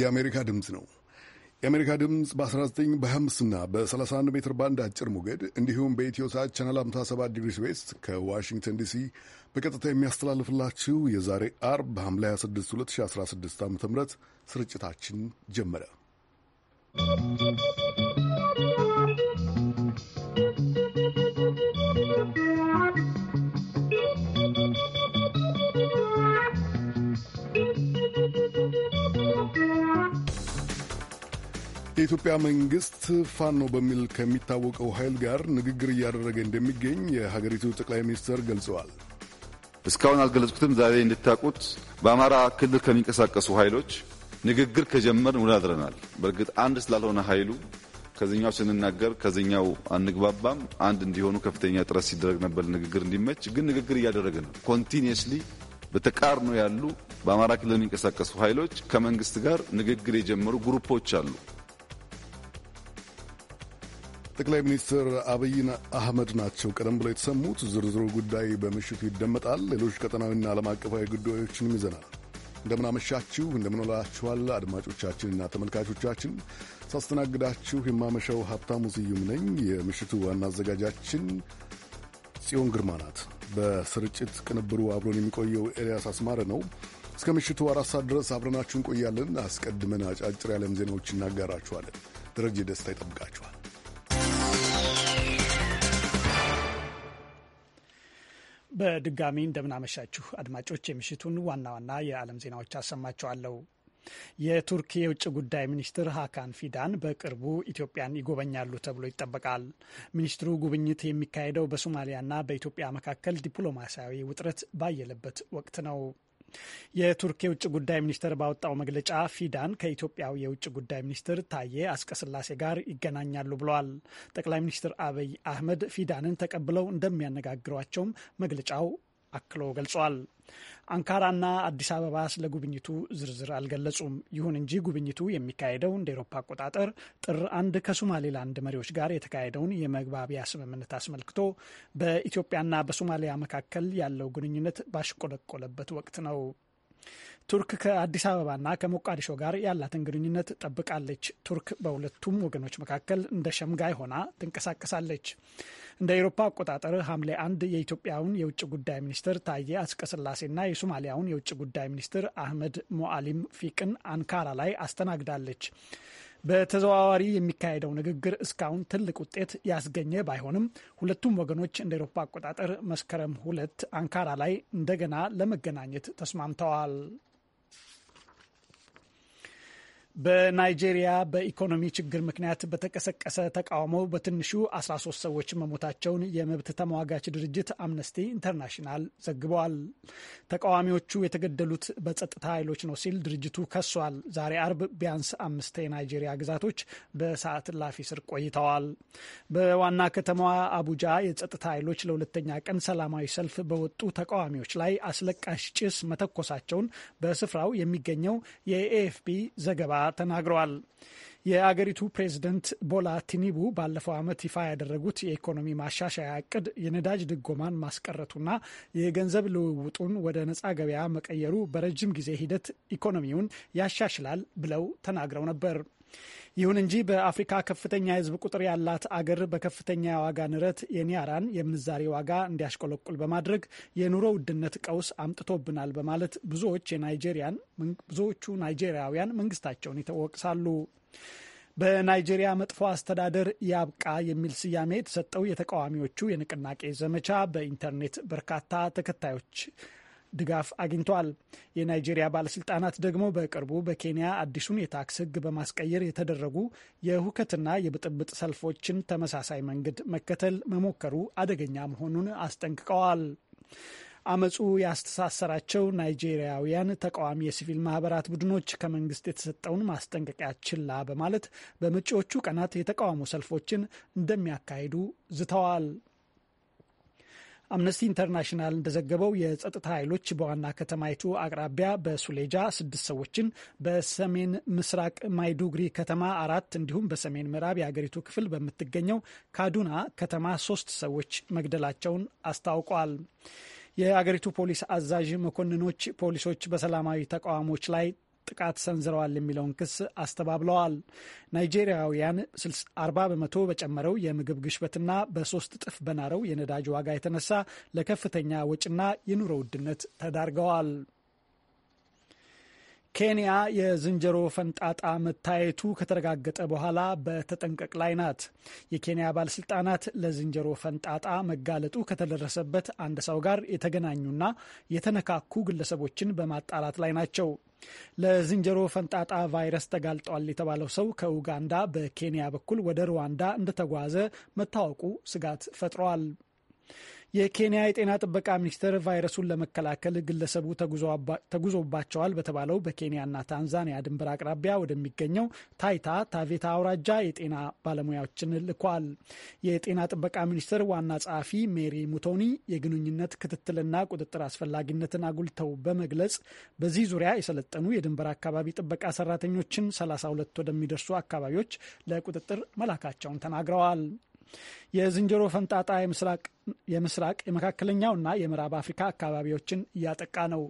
የአሜሪካ ድምፅ ነው። የአሜሪካ ድምፅ በ19 በ25ና በ31 ሜትር ባንድ አጭር ሞገድ እንዲሁም በኢትዮ በኢትዮሳት ቻናል 57 ዲግሪ ዌስት ከዋሽንግተን ዲሲ በቀጥታ የሚያስተላልፍላችሁ የዛሬ አርብ ሐምሌ 26 2016 ዓ ም ስርጭታችን ጀመረ። የኢትዮጵያ መንግስት ፋኖ በሚል ከሚታወቀው ኃይል ጋር ንግግር እያደረገ እንደሚገኝ የሀገሪቱ ጠቅላይ ሚኒስትር ገልጸዋል። እስካሁን አልገለጽኩትም፣ ዛሬ እንድታውቁት በአማራ ክልል ከሚንቀሳቀሱ ኃይሎች ንግግር ከጀመር ውል አድረናል። በእርግጥ አንድ ስላልሆነ ኃይሉ ከዚኛው ስንናገር ከዚኛው አንግባባም። አንድ እንዲሆኑ ከፍተኛ ጥረት ሲደረግ ነበር፣ ንግግር እንዲመች ግን ንግግር እያደረገ ነው። ኮንቲኒየስሊ በተቃርኖ ያሉ በአማራ ክልል የሚንቀሳቀሱ ኃይሎች ከመንግስት ጋር ንግግር የጀመሩ ግሩፖች አሉ። ጠቅላይ ሚኒስትር አብይን አህመድ ናቸው ቀደም ብለው የተሰሙት። ዝርዝሩ ጉዳይ በምሽቱ ይደመጣል። ሌሎች ቀጠናዊና ዓለም አቀፋዊ ጉዳዮችንም ይዘናል። እንደምናመሻችሁ፣ እንደምንላችኋል አድማጮቻችንና ተመልካቾቻችን ሳስተናግዳችሁ የማመሻው ሀብታሙ ስዩም ነኝ። የምሽቱ ዋና አዘጋጃችን ጽዮን ግርማ ናት። በስርጭት ቅንብሩ አብሮን የሚቆየው ኤልያስ አስማረ ነው። እስከ ምሽቱ አራት ሰዓት ድረስ አብረናችሁ እንቆያለን። አስቀድመን አጫጭር የዓለም ዜናዎች እናጋራችኋለን። ደረጀ ደስታ ይጠብቃችኋል። በድጋሚ እንደምናመሻችሁ አድማጮች፣ የምሽቱን ዋና ዋና የዓለም ዜናዎች አሰማችኋለሁ። የቱርኪ የውጭ ጉዳይ ሚኒስትር ሀካን ፊዳን በቅርቡ ኢትዮጵያን ይጎበኛሉ ተብሎ ይጠበቃል። ሚኒስትሩ ጉብኝት የሚካሄደው በሶማሊያና በኢትዮጵያ መካከል ዲፕሎማሲያዊ ውጥረት ባየለበት ወቅት ነው። የቱርክ የውጭ ጉዳይ ሚኒስትር ባወጣው መግለጫ ፊዳን ከኢትዮጵያው የውጭ ጉዳይ ሚኒስትር ታዬ አስቀስላሴ ጋር ይገናኛሉ ብለዋል። ጠቅላይ ሚኒስትር አብይ አህመድ ፊዳንን ተቀብለው እንደሚያነጋግሯቸውም መግለጫው አክሎ ገልጸዋል። አንካራና አዲስ አበባ ስለ ጉብኝቱ ዝርዝር አልገለጹም። ይሁን እንጂ ጉብኝቱ የሚካሄደው እንደ ኤሮፓ አቆጣጠር ጥር አንድ ከሶማሌላንድ መሪዎች ጋር የተካሄደውን የመግባቢያ ስምምነት አስመልክቶ በኢትዮጵያና በሶማሊያ መካከል ያለው ግንኙነት ባሽቆለቆለበት ወቅት ነው። ቱርክ ከአዲስ አበባና ከሞቃዲሾ ጋር ያላትን ግንኙነት ጠብቃለች። ቱርክ በሁለቱም ወገኖች መካከል እንደ ሸምጋይ ሆና ትንቀሳቀሳለች። እንደ አውሮፓ አቆጣጠር ሐምሌ አንድ የኢትዮጵያውን የውጭ ጉዳይ ሚኒስትር ታዬ አስቀስላሴና የሶማሊያውን የውጭ ጉዳይ ሚኒስትር አህመድ ሞአሊም ፊቅን አንካራ ላይ አስተናግዳለች። በተዘዋዋሪ የሚካሄደው ንግግር እስካሁን ትልቅ ውጤት ያስገኘ ባይሆንም ሁለቱም ወገኖች እንደ ኤሮፓ አቆጣጠር መስከረም ሁለት አንካራ ላይ እንደገና ለመገናኘት ተስማምተዋል። በናይጄሪያ በኢኮኖሚ ችግር ምክንያት በተቀሰቀሰ ተቃውሞ በትንሹ 13 ሰዎች መሞታቸውን የመብት ተሟጋች ድርጅት አምነስቲ ኢንተርናሽናል ዘግበዋል። ተቃዋሚዎቹ የተገደሉት በጸጥታ ኃይሎች ነው ሲል ድርጅቱ ከሷል። ዛሬ አርብ ቢያንስ አምስት የናይጄሪያ ግዛቶች በሰዓት እላፊ ስር ቆይተዋል። በዋና ከተማዋ አቡጃ የጸጥታ ኃይሎች ለሁለተኛ ቀን ሰላማዊ ሰልፍ በወጡ ተቃዋሚዎች ላይ አስለቃሽ ጭስ መተኮሳቸውን በስፍራው የሚገኘው የኤኤፍፒ ዘገባ ተናግረዋል። የአገሪቱ ፕሬዝደንት ቦላ ቲኒቡ ባለፈው ዓመት ይፋ ያደረጉት የኢኮኖሚ ማሻሻያ እቅድ የነዳጅ ድጎማን ማስቀረቱና የገንዘብ ልውውጡን ወደ ነፃ ገበያ መቀየሩ በረጅም ጊዜ ሂደት ኢኮኖሚውን ያሻሽላል ብለው ተናግረው ነበር። ይሁን እንጂ በአፍሪካ ከፍተኛ የህዝብ ቁጥር ያላት አገር በከፍተኛ የዋጋ ንረት የኒያራን የምንዛሬ ዋጋ እንዲያሽቆለቁል በማድረግ የኑሮ ውድነት ቀውስ አምጥቶብናል በማለት ብዙዎች የናይጄሪያን ብዙዎቹ ናይጄሪያውያን መንግስታቸውን ይወቅሳሉ። በናይጄሪያ መጥፎ አስተዳደር ያብቃ የሚል ስያሜ የተሰጠው የተቃዋሚዎቹ የንቅናቄ ዘመቻ በኢንተርኔት በርካታ ተከታዮች ድጋፍ አግኝቷል። የናይጄሪያ ባለስልጣናት ደግሞ በቅርቡ በኬንያ አዲሱን የታክስ ሕግ በማስቀየር የተደረጉ የሁከትና የብጥብጥ ሰልፎችን ተመሳሳይ መንገድ መከተል መሞከሩ አደገኛ መሆኑን አስጠንቅቀዋል። አመፁ ያስተሳሰራቸው ናይጄሪያውያን ተቃዋሚ የሲቪል ማህበራት ቡድኖች ከመንግስት የተሰጠውን ማስጠንቀቂያ ችላ በማለት በመጪዎቹ ቀናት የተቃውሞ ሰልፎችን እንደሚያካሂዱ ዝተዋል። አምነስቲ ኢንተርናሽናል እንደዘገበው የጸጥታ ኃይሎች በዋና ከተማይቱ አቅራቢያ በሱሌጃ ስድስት ሰዎችን፣ በሰሜን ምስራቅ ማይዱግሪ ከተማ አራት እንዲሁም በሰሜን ምዕራብ የአገሪቱ ክፍል በምትገኘው ካዱና ከተማ ሶስት ሰዎች መግደላቸውን አስታውቋል። የአገሪቱ ፖሊስ አዛዥ መኮንኖች ፖሊሶች በሰላማዊ ተቃዋሞች ላይ ጥቃት ሰንዝረዋል የሚለውን ክስ አስተባብለዋል። ናይጄሪያውያን 40 በመቶ በጨመረው የምግብ ግሽበትና በሶስት እጥፍ በናረው የነዳጅ ዋጋ የተነሳ ለከፍተኛ ወጪና የኑሮ ውድነት ተዳርገዋል። ኬንያ የዝንጀሮ ፈንጣጣ መታየቱ ከተረጋገጠ በኋላ በተጠንቀቅ ላይ ናት። የኬንያ ባለስልጣናት ለዝንጀሮ ፈንጣጣ መጋለጡ ከተደረሰበት አንድ ሰው ጋር የተገናኙና የተነካኩ ግለሰቦችን በማጣራት ላይ ናቸው። ለዝንጀሮ ፈንጣጣ ቫይረስ ተጋልጧል የተባለው ሰው ከኡጋንዳ በኬንያ በኩል ወደ ሩዋንዳ እንደተጓዘ መታወቁ ስጋት ፈጥሯል። የኬንያ የጤና ጥበቃ ሚኒስቴር ቫይረሱን ለመከላከል ግለሰቡ ተጉዞባቸዋል በተባለው በኬንያና ታንዛኒያ ድንበር አቅራቢያ ወደሚገኘው ታይታ ታቬታ አውራጃ የጤና ባለሙያዎችን ልኳል። የጤና ጥበቃ ሚኒስቴር ዋና ጸሐፊ ሜሪ ሙቶኒ የግንኙነት ክትትልና ቁጥጥር አስፈላጊነትን አጉልተው በመግለጽ በዚህ ዙሪያ የሰለጠኑ የድንበር አካባቢ ጥበቃ ሰራተኞችን 32 ወደሚደርሱ አካባቢዎች ለቁጥጥር መላካቸውን ተናግረዋል። የዝንጀሮ ፈንጣጣ የምስራቅ የመካከለኛውና የምዕራብ አፍሪካ አካባቢዎችን እያጠቃ ነው።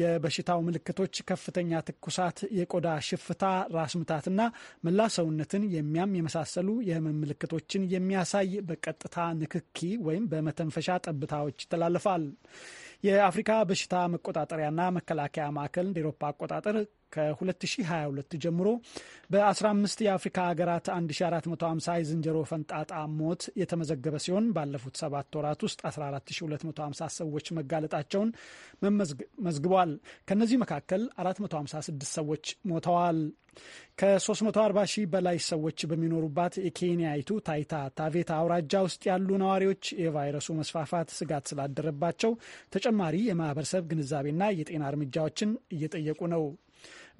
የበሽታው ምልክቶች ከፍተኛ ትኩሳት፣ የቆዳ ሽፍታ፣ ራስ ምታትና መላ ሰውነትን የሚያም የመሳሰሉ የህመም ምልክቶችን የሚያሳይ በቀጥታ ንክኪ ወይም በመተንፈሻ ጠብታዎች ይተላለፋል። የአፍሪካ በሽታ መቆጣጠሪያና መከላከያ ማዕከል እንደ ኤሮፓ አቆጣጠር ከ2022 ጀምሮ በ15 የአፍሪካ ሀገራት 1450 የዝንጀሮ ፈንጣጣ ሞት የተመዘገበ ሲሆን ባለፉት ሰባት ወራት ውስጥ 14250 ሰዎች መጋለጣቸውን መዝግቧል። ከእነዚህ መካከል 456 ሰዎች ሞተዋል። ከ340 ሺህ በላይ ሰዎች በሚኖሩባት የኬንያይቱ ታይታ ታቬታ አውራጃ ውስጥ ያሉ ነዋሪዎች የቫይረሱ መስፋፋት ስጋት ስላደረባቸው ተጨማሪ የማህበረሰብ ግንዛቤና የጤና እርምጃዎችን እየጠየቁ ነው።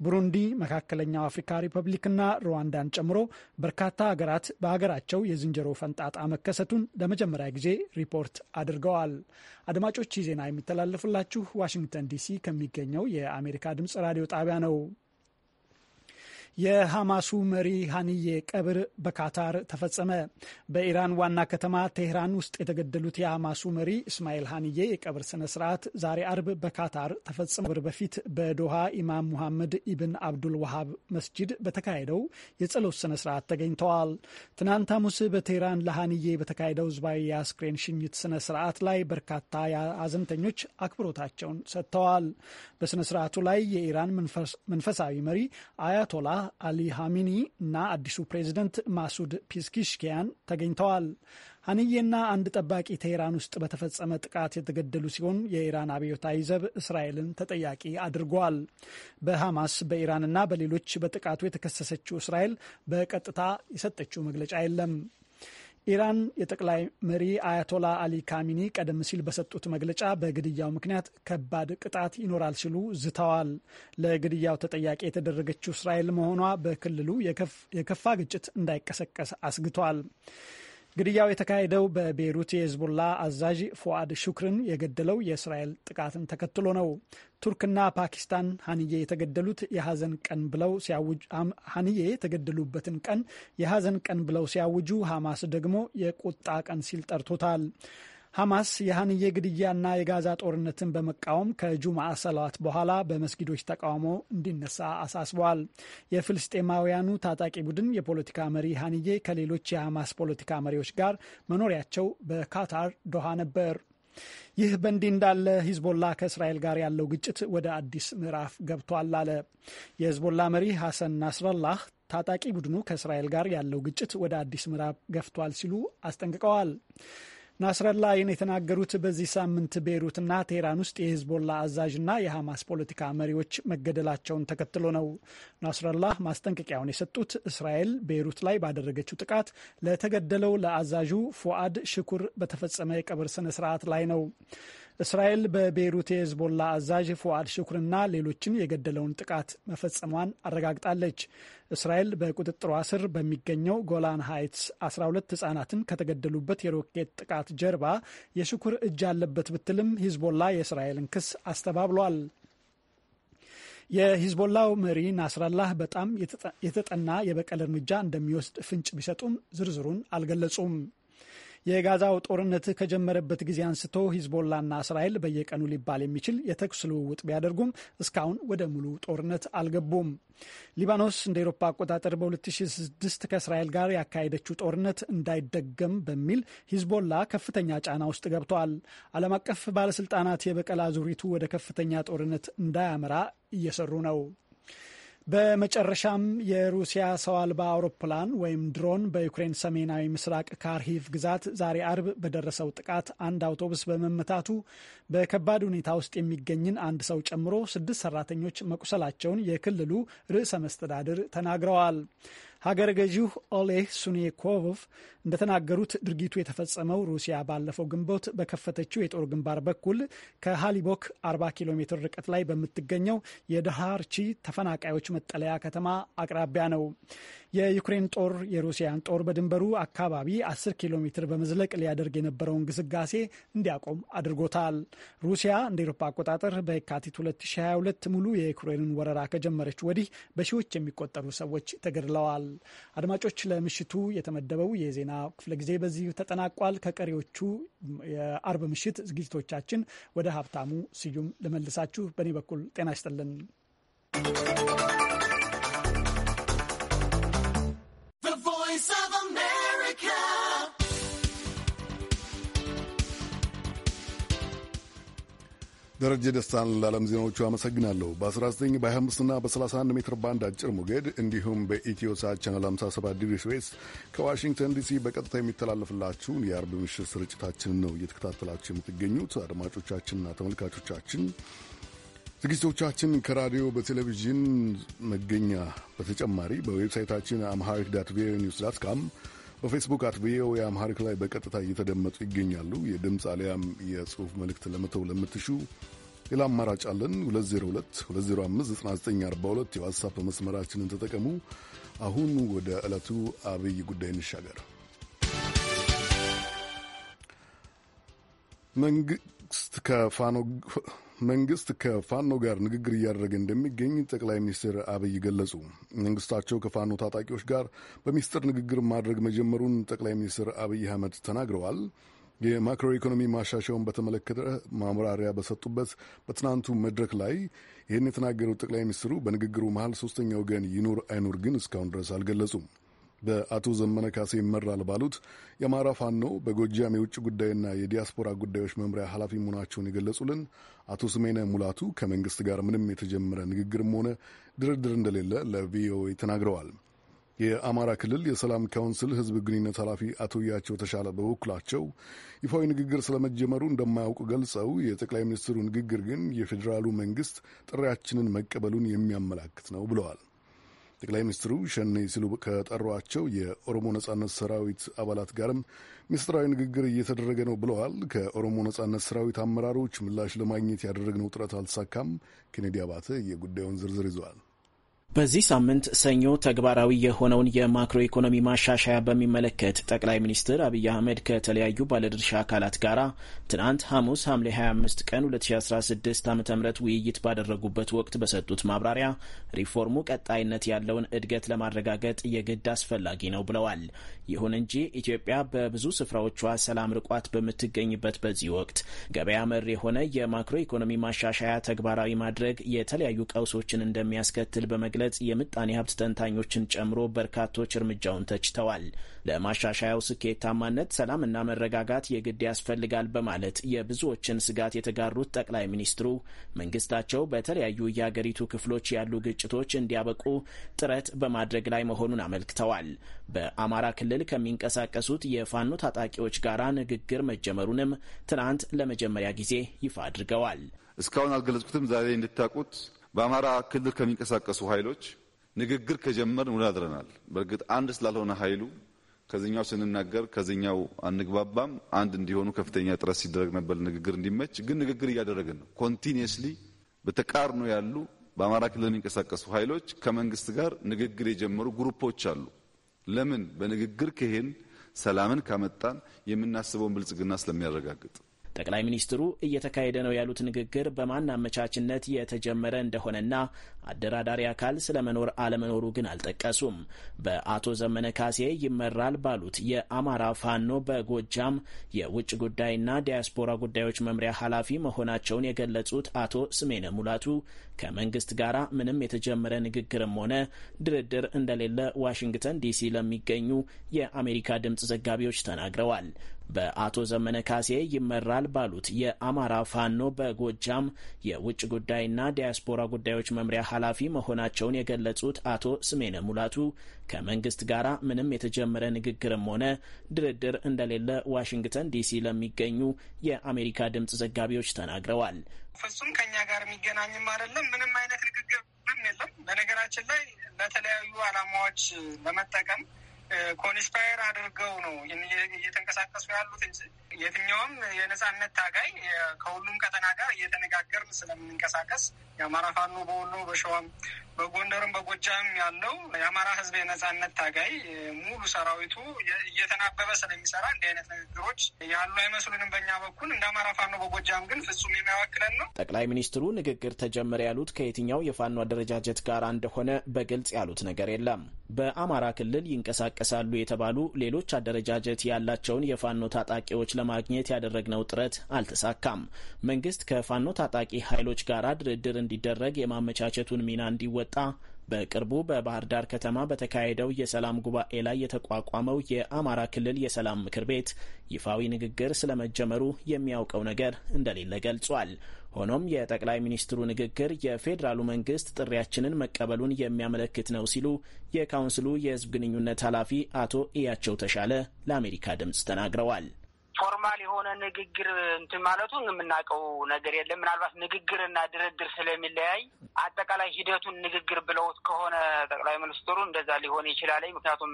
ቡሩንዲ፣ መካከለኛው አፍሪካ ሪፐብሊክና ሩዋንዳን ጨምሮ በርካታ ሀገራት በሀገራቸው የዝንጀሮ ፈንጣጣ መከሰቱን ለመጀመሪያ ጊዜ ሪፖርት አድርገዋል። አድማጮች ይህ ዜና የሚተላለፍላችሁ ዋሽንግተን ዲሲ ከሚገኘው የአሜሪካ ድምጽ ራዲዮ ጣቢያ ነው። የሐማሱ መሪ ሃንዬ ቀብር በካታር ተፈጸመ። በኢራን ዋና ከተማ ቴህራን ውስጥ የተገደሉት የሐማሱ መሪ እስማኤል ሀኒዬ የቀብር ስነ ስርዓት ዛሬ አርብ በካታር ተፈጸመ። ቀብር በፊት በዶሃ ኢማም ሙሐመድ ኢብን አብዱል ዋሃብ መስጂድ በተካሄደው የጸሎት ስነ ስርዓት ተገኝተዋል። ትናንት ሐሙስ በቴህራን ለሀኒዬ በተካሄደው ህዝባዊ የአስክሬን ሽኝት ስነ ስርዓት ላይ በርካታ አዘንተኞች አክብሮታቸውን ሰጥተዋል። በስነ ስርዓቱ ላይ የኢራን መንፈሳዊ መሪ አያቶላ አሊ ሀሚኒ እና አዲሱ ፕሬዝደንት ማሱድ ፒስኪሽኪያን ተገኝተዋል። ሀኒዬና አንድ ጠባቂ ቴሄራን ውስጥ በተፈጸመ ጥቃት የተገደሉ ሲሆን የኢራን አብዮታዊ ዘብ እስራኤልን ተጠያቂ አድርጓል። በሐማስ በኢራንና በሌሎች በጥቃቱ የተከሰሰችው እስራኤል በቀጥታ የሰጠችው መግለጫ የለም። ኢራን የጠቅላይ መሪ አያቶላ አሊ ካሚኒ ቀደም ሲል በሰጡት መግለጫ በግድያው ምክንያት ከባድ ቅጣት ይኖራል ሲሉ ዝተዋል። ለግድያው ተጠያቂ የተደረገችው እስራኤል መሆኗ በክልሉ የከፋ ግጭት እንዳይቀሰቀስ አስግቷል። ግድያው የተካሄደው በቤይሩት የህዝቡላ አዛዥ ፎአድ ሹክርን የገደለው የእስራኤል ጥቃትን ተከትሎ ነው። ቱርክና ፓኪስታን ሀኒዬ የተገደሉት የሀዘን ቀን ብለው ሲያውጁ የተገደሉበትን ቀን የሀዘን ቀን ብለው ሲያውጁ ሐማስ ደግሞ የቁጣ ቀን ሲል ጠርቶታል። ሐማስ የሐንዬ ግድያና የጋዛ ጦርነትን በመቃወም ከጁምዓ ሰላት በኋላ በመስጊዶች ተቃውሞ እንዲነሳ አሳስበዋል። የፍልስጤማውያኑ ታጣቂ ቡድን የፖለቲካ መሪ ሐንዬ ከሌሎች የሐማስ ፖለቲካ መሪዎች ጋር መኖሪያቸው በካታር ዶሃ ነበር። ይህ በእንዲህ እንዳለ ሂዝቦላ ከእስራኤል ጋር ያለው ግጭት ወደ አዲስ ምዕራፍ ገብቷል አለ የሂዝቦላ መሪ ሐሰን ናስረላህ። ታጣቂ ቡድኑ ከእስራኤል ጋር ያለው ግጭት ወደ አዲስ ምዕራፍ ገፍቷል ሲሉ አስጠንቅቀዋል። ናስረላ ይህን የተናገሩት በዚህ ሳምንት ቤይሩትና ቴህራን ውስጥ አዛዥ አዛዥና የሐማስ ፖለቲካ መሪዎች መገደላቸውን ተከትሎ ነው። ናስረላ ማስጠንቀቂያውን የሰጡት እስራኤል ቤይሩት ላይ ባደረገችው ጥቃት ለተገደለው ለአዛዡ ፎአድ ሽኩር በተፈጸመ የቀብር ስነ ስርዓት ላይ ነው። እስራኤል በቤይሩት የሄዝቦላ አዛዥ ፉአድ ሽኩርና ሌሎችን የገደለውን ጥቃት መፈጸሟን አረጋግጣለች። እስራኤል በቁጥጥሯ ስር በሚገኘው ጎላን ሃይትስ 12 ህጻናትን ከተገደሉበት የሮኬት ጥቃት ጀርባ የሽኩር እጅ አለበት ብትልም ሂዝቦላ የእስራኤልን ክስ አስተባብሏል። የሂዝቦላው መሪ ናስራላህ በጣም የተጠና የበቀል እርምጃ እንደሚወስድ ፍንጭ ቢሰጡም ዝርዝሩን አልገለጹም። የጋዛው ጦርነት ከጀመረበት ጊዜ አንስቶ ሂዝቦላና እስራኤል በየቀኑ ሊባል የሚችል የተኩስ ልውውጥ ቢያደርጉም እስካሁን ወደ ሙሉ ጦርነት አልገቡም። ሊባኖስ እንደ ኤሮፓ አቆጣጠር በ2006 ከእስራኤል ጋር ያካሄደችው ጦርነት እንዳይደገም በሚል ሂዝቦላ ከፍተኛ ጫና ውስጥ ገብተዋል። ዓለም አቀፍ ባለስልጣናት የበቀል አዙሪቱ ወደ ከፍተኛ ጦርነት እንዳያመራ እየሰሩ ነው። በመጨረሻም የሩሲያ ሰው አልባ አውሮፕላን ወይም ድሮን በዩክሬን ሰሜናዊ ምስራቅ ካርሂቭ ግዛት ዛሬ አርብ በደረሰው ጥቃት አንድ አውቶቡስ በመመታቱ በከባድ ሁኔታ ውስጥ የሚገኝን አንድ ሰው ጨምሮ ስድስት ሰራተኞች መቁሰላቸውን የክልሉ ርዕሰ መስተዳድር ተናግረዋል። ሀገር ገዢው ኦሌህ ሱኔኮቭ እንደተናገሩት ድርጊቱ የተፈጸመው ሩሲያ ባለፈው ግንቦት በከፈተችው የጦር ግንባር በኩል ከሃሊቦክ 40 ኪሎ ሜትር ርቀት ላይ በምትገኘው የደሃርቺ ተፈናቃዮች መጠለያ ከተማ አቅራቢያ ነው። የዩክሬን ጦር የሩሲያን ጦር በድንበሩ አካባቢ 10 ኪሎ ሜትር በመዝለቅ ሊያደርግ የነበረውን ግስጋሴ እንዲያቆም አድርጎታል። ሩሲያ እንደ ኤሮፓ አቆጣጠር በየካቲት 2022 ሙሉ የዩክሬንን ወረራ ከጀመረች ወዲህ በሺዎች የሚቆጠሩ ሰዎች ተገድለዋል። አድማጮች ለምሽቱ የተመደበው የዜና የዜናው ክፍለ ጊዜ በዚህ ተጠናቋል። ከቀሪዎቹ የአርብ ምሽት ዝግጅቶቻችን ወደ ሀብታሙ ስዩም ልመልሳችሁ። በእኔ በኩል ጤና ይስጥልን። Thank you. ደረጀ ደስታን ለዓለም ዜናዎቹ አመሰግናለሁ። በ19 በ25 እና በ31 ሜትር ባንድ አጭር ሞገድ እንዲሁም በኢትዮ ሳት ቻናል 57 ዲግሪ ስዌስ ከዋሽንግተን ዲሲ በቀጥታ የሚተላለፍላችሁን የአርብ ምሽት ስርጭታችንን ነው እየተከታተላችሁ የምትገኙት አድማጮቻችንና ተመልካቾቻችን። ዝግጅቶቻችን ከራዲዮ በቴሌቪዥን መገኛ በተጨማሪ በዌብሳይታችን አምሃሪክ ዳት ቪኦኤ ኒውስ ዳት ካም በፌስቡክ አት ቪኦኤ አምሃሪክ ላይ በቀጥታ እየተደመጡ ይገኛሉ። የድምፅ አሊያም የጽሁፍ መልእክት ለመተው ለምትሹ ሌላ አማራጭ አለን። 2022059942 የዋትሳፕ መስመራችንን ተጠቀሙ። አሁን ወደ ዕለቱ አብይ ጉዳይ እንሻገር። መንግስት ከፋኖ መንግስት ከፋኖ ጋር ንግግር እያደረገ እንደሚገኝ ጠቅላይ ሚኒስትር አብይ ገለጹ። መንግስታቸው ከፋኖ ታጣቂዎች ጋር በሚስጥር ንግግር ማድረግ መጀመሩን ጠቅላይ ሚኒስትር አብይ አህመድ ተናግረዋል። የማክሮ ኢኮኖሚ ማሻሻውን በተመለከተ ማምራሪያ በሰጡበት በትናንቱ መድረክ ላይ ይህን የተናገሩት ጠቅላይ ሚኒስትሩ በንግግሩ መሀል ሶስተኛ ወገን ይኑር አይኑር ግን እስካሁን ድረስ አልገለጹም። በአቶ ዘመነ ካሴ ይመራል ባሉት የአማራ ፋኖ በጎጃም የውጭ ጉዳይና የዲያስፖራ ጉዳዮች መምሪያ ኃላፊ መሆናቸውን የገለጹልን አቶ ስሜነ ሙላቱ ከመንግስት ጋር ምንም የተጀመረ ንግግርም ሆነ ድርድር እንደሌለ ለቪኦኤ ተናግረዋል። የአማራ ክልል የሰላም ካውንስል ህዝብ ግንኙነት ኃላፊ አቶ ያቸው ተሻለ በበኩላቸው ይፋዊ ንግግር ስለመጀመሩ እንደማያውቁ ገልጸው የጠቅላይ ሚኒስትሩ ንግግር ግን የፌዴራሉ መንግስት ጥሪያችንን መቀበሉን የሚያመላክት ነው ብለዋል። ጠቅላይ ሚኒስትሩ ሸኔ ሲሉ ከጠሯቸው የኦሮሞ ነጻነት ሰራዊት አባላት ጋርም ምስጢራዊ ንግግር እየተደረገ ነው ብለዋል። ከኦሮሞ ነጻነት ሰራዊት አመራሮች ምላሽ ለማግኘት ያደረግነው ጥረት አልተሳካም። ኬኔዲ አባተ የጉዳዩን ዝርዝር ይዘዋል። በዚህ ሳምንት ሰኞ ተግባራዊ የሆነውን የማክሮ ኢኮኖሚ ማሻሻያ በሚመለከት ጠቅላይ ሚኒስትር አብይ አህመድ ከተለያዩ ባለድርሻ አካላት ጋር ትናንት ሐሙስ ሐምሌ 25 ቀን 2016 ዓ ም ውይይት ባደረጉበት ወቅት በሰጡት ማብራሪያ ሪፎርሙ ቀጣይነት ያለውን እድገት ለማረጋገጥ የግድ አስፈላጊ ነው ብለዋል። ይሁን እንጂ ኢትዮጵያ በብዙ ስፍራዎቿ ሰላም ርቋት በምትገኝበት በዚህ ወቅት ገበያ መር የሆነ የማክሮ ኢኮኖሚ ማሻሻያ ተግባራዊ ማድረግ የተለያዩ ቀውሶችን እንደሚያስከትል በመግለጽ በመግለጽ የምጣኔ ሀብት ተንታኞችን ጨምሮ በርካቶች እርምጃውን ተችተዋል። ለማሻሻያው ስኬታማነት ሰላምና መረጋጋት የግድ ያስፈልጋል በማለት የብዙዎችን ስጋት የተጋሩት ጠቅላይ ሚኒስትሩ መንግስታቸው በተለያዩ የአገሪቱ ክፍሎች ያሉ ግጭቶች እንዲያበቁ ጥረት በማድረግ ላይ መሆኑን አመልክተዋል። በአማራ ክልል ከሚንቀሳቀሱት የፋኖ ታጣቂዎች ጋራ ንግግር መጀመሩንም ትናንት ለመጀመሪያ ጊዜ ይፋ አድርገዋል። እስካሁን አልገለጽኩትም። ዛሬ እንድታውቁት በአማራ ክልል ከሚንቀሳቀሱ ኃይሎች ንግግር ከጀመር ውላድረናል። በእርግጥ አንድ ስላልሆነ ኃይሉ ከዚኛው ስንናገር ከዚኛው አንግባባም። አንድ እንዲሆኑ ከፍተኛ ጥረት ሲደረግ ነበር፣ ንግግር እንዲመች። ግን ንግግር እያደረግን ነው። ኮንቲኒየስሊ በተቃርኖ ያሉ በአማራ ክልል የሚንቀሳቀሱ ኃይሎች ከመንግስት ጋር ንግግር የጀመሩ ግሩፖች አሉ። ለምን? በንግግር ከሄን ሰላምን ካመጣን የምናስበውን ብልጽግና ስለሚያረጋግጥ ጠቅላይ ሚኒስትሩ እየተካሄደ ነው ያሉት ንግግር በማን አመቻችነት የተጀመረ እንደሆነና አደራዳሪ አካል ስለመኖር አለመኖሩ ግን አልጠቀሱም። በአቶ ዘመነ ካሴ ይመራል ባሉት የአማራ ፋኖ በጎጃም የውጭ ጉዳይና ዲያስፖራ ጉዳዮች መምሪያ ኃላፊ መሆናቸውን የገለጹት አቶ ስሜነ ሙላቱ ከመንግስት ጋር ምንም የተጀመረ ንግግርም ሆነ ድርድር እንደሌለ ዋሽንግተን ዲሲ ለሚገኙ የአሜሪካ ድምፅ ዘጋቢዎች ተናግረዋል። በአቶ ዘመነ ካሴ ይመራል ባሉት የአማራ ፋኖ በጎጃም የውጭ ጉዳይና ዲያስፖራ ጉዳዮች መምሪያ ኃላፊ መሆናቸውን የገለጹት አቶ ስሜነ ሙላቱ ከመንግስት ጋር ምንም የተጀመረ ንግግርም ሆነ ድርድር እንደሌለ ዋሽንግተን ዲሲ ለሚገኙ የአሜሪካ ድምፅ ዘጋቢዎች ተናግረዋል። ፍጹም ከኛ ጋር የሚገናኝም አይደለም። ምንም አይነት ንግግርም የለም። በነገራችን ላይ ለተለያዩ ዓላማዎች ለመጠቀም ኮንስፓየር አድርገው ነው እየተንቀሳቀሱ ያሉት እንጂ የትኛውም የነጻነት ታጋይ ከሁሉም ቀጠና ጋር እየተነጋገርን ስለምንንቀሳቀስ የአማራ ፋኖ በወሎ በሸዋም በጎንደርም በጎጃም ያለው የአማራ ሕዝብ የነጻነት ታጋይ ሙሉ ሰራዊቱ እየተናበበ ስለሚሰራ እንዲህ አይነት ንግግሮች ያሉ አይመስሉንም። በእኛ በኩል እንደ አማራ ፋኖ በጎጃም ግን ፍጹም የማይወክለን ነው። ጠቅላይ ሚኒስትሩ ንግግር ተጀመረ ያሉት ከየትኛው የፋኖ አደረጃጀት ጋር እንደሆነ በግልጽ ያሉት ነገር የለም። በአማራ ክልል ይንቀሳቀሳሉ የተባሉ ሌሎች አደረጃጀት ያላቸውን የፋኖ ታጣቂዎች ለማግኘት ያደረግነው ጥረት አልተሳካም። መንግስት ከፋኖ ታጣቂ ኃይሎች ጋር ድርድር እንዲደረግ የማመቻቸቱን ሚና እንዲወጣ በቅርቡ በባህር ዳር ከተማ በተካሄደው የሰላም ጉባኤ ላይ የተቋቋመው የአማራ ክልል የሰላም ምክር ቤት ይፋዊ ንግግር ስለመጀመሩ የሚያውቀው ነገር እንደሌለ ገልጿል። ሆኖም የጠቅላይ ሚኒስትሩ ንግግር የፌዴራሉ መንግስት ጥሪያችንን መቀበሉን የሚያመለክት ነው ሲሉ የካውንስሉ የህዝብ ግንኙነት ኃላፊ አቶ እያቸው ተሻለ ለአሜሪካ ድምፅ ተናግረዋል። ፎርማል የሆነ ንግግር እንትን ማለቱ የምናውቀው ነገር የለም። ምናልባት ንግግርና ድርድር ስለሚለያይ አጠቃላይ ሂደቱን ንግግር ብለውት ከሆነ ጠቅላይ ሚኒስትሩ እንደዛ ሊሆን ይችላል። ምክንያቱም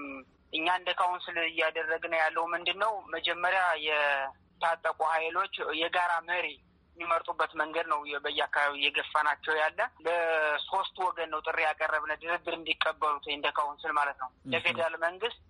እኛ እንደ ካውንስል እያደረግን ያለው ምንድን ነው መጀመሪያ የታጠቁ ኃይሎች የጋራ መሪ የሚመርጡበት መንገድ ነው በየአካባቢ እየገፋ ናቸው ያለ። ለሶስቱ ወገን ነው ጥሪ ያቀረብነ ድርድር እንዲቀበሉት እንደ ካውንስል ማለት ነው ለፌዴራል መንግስት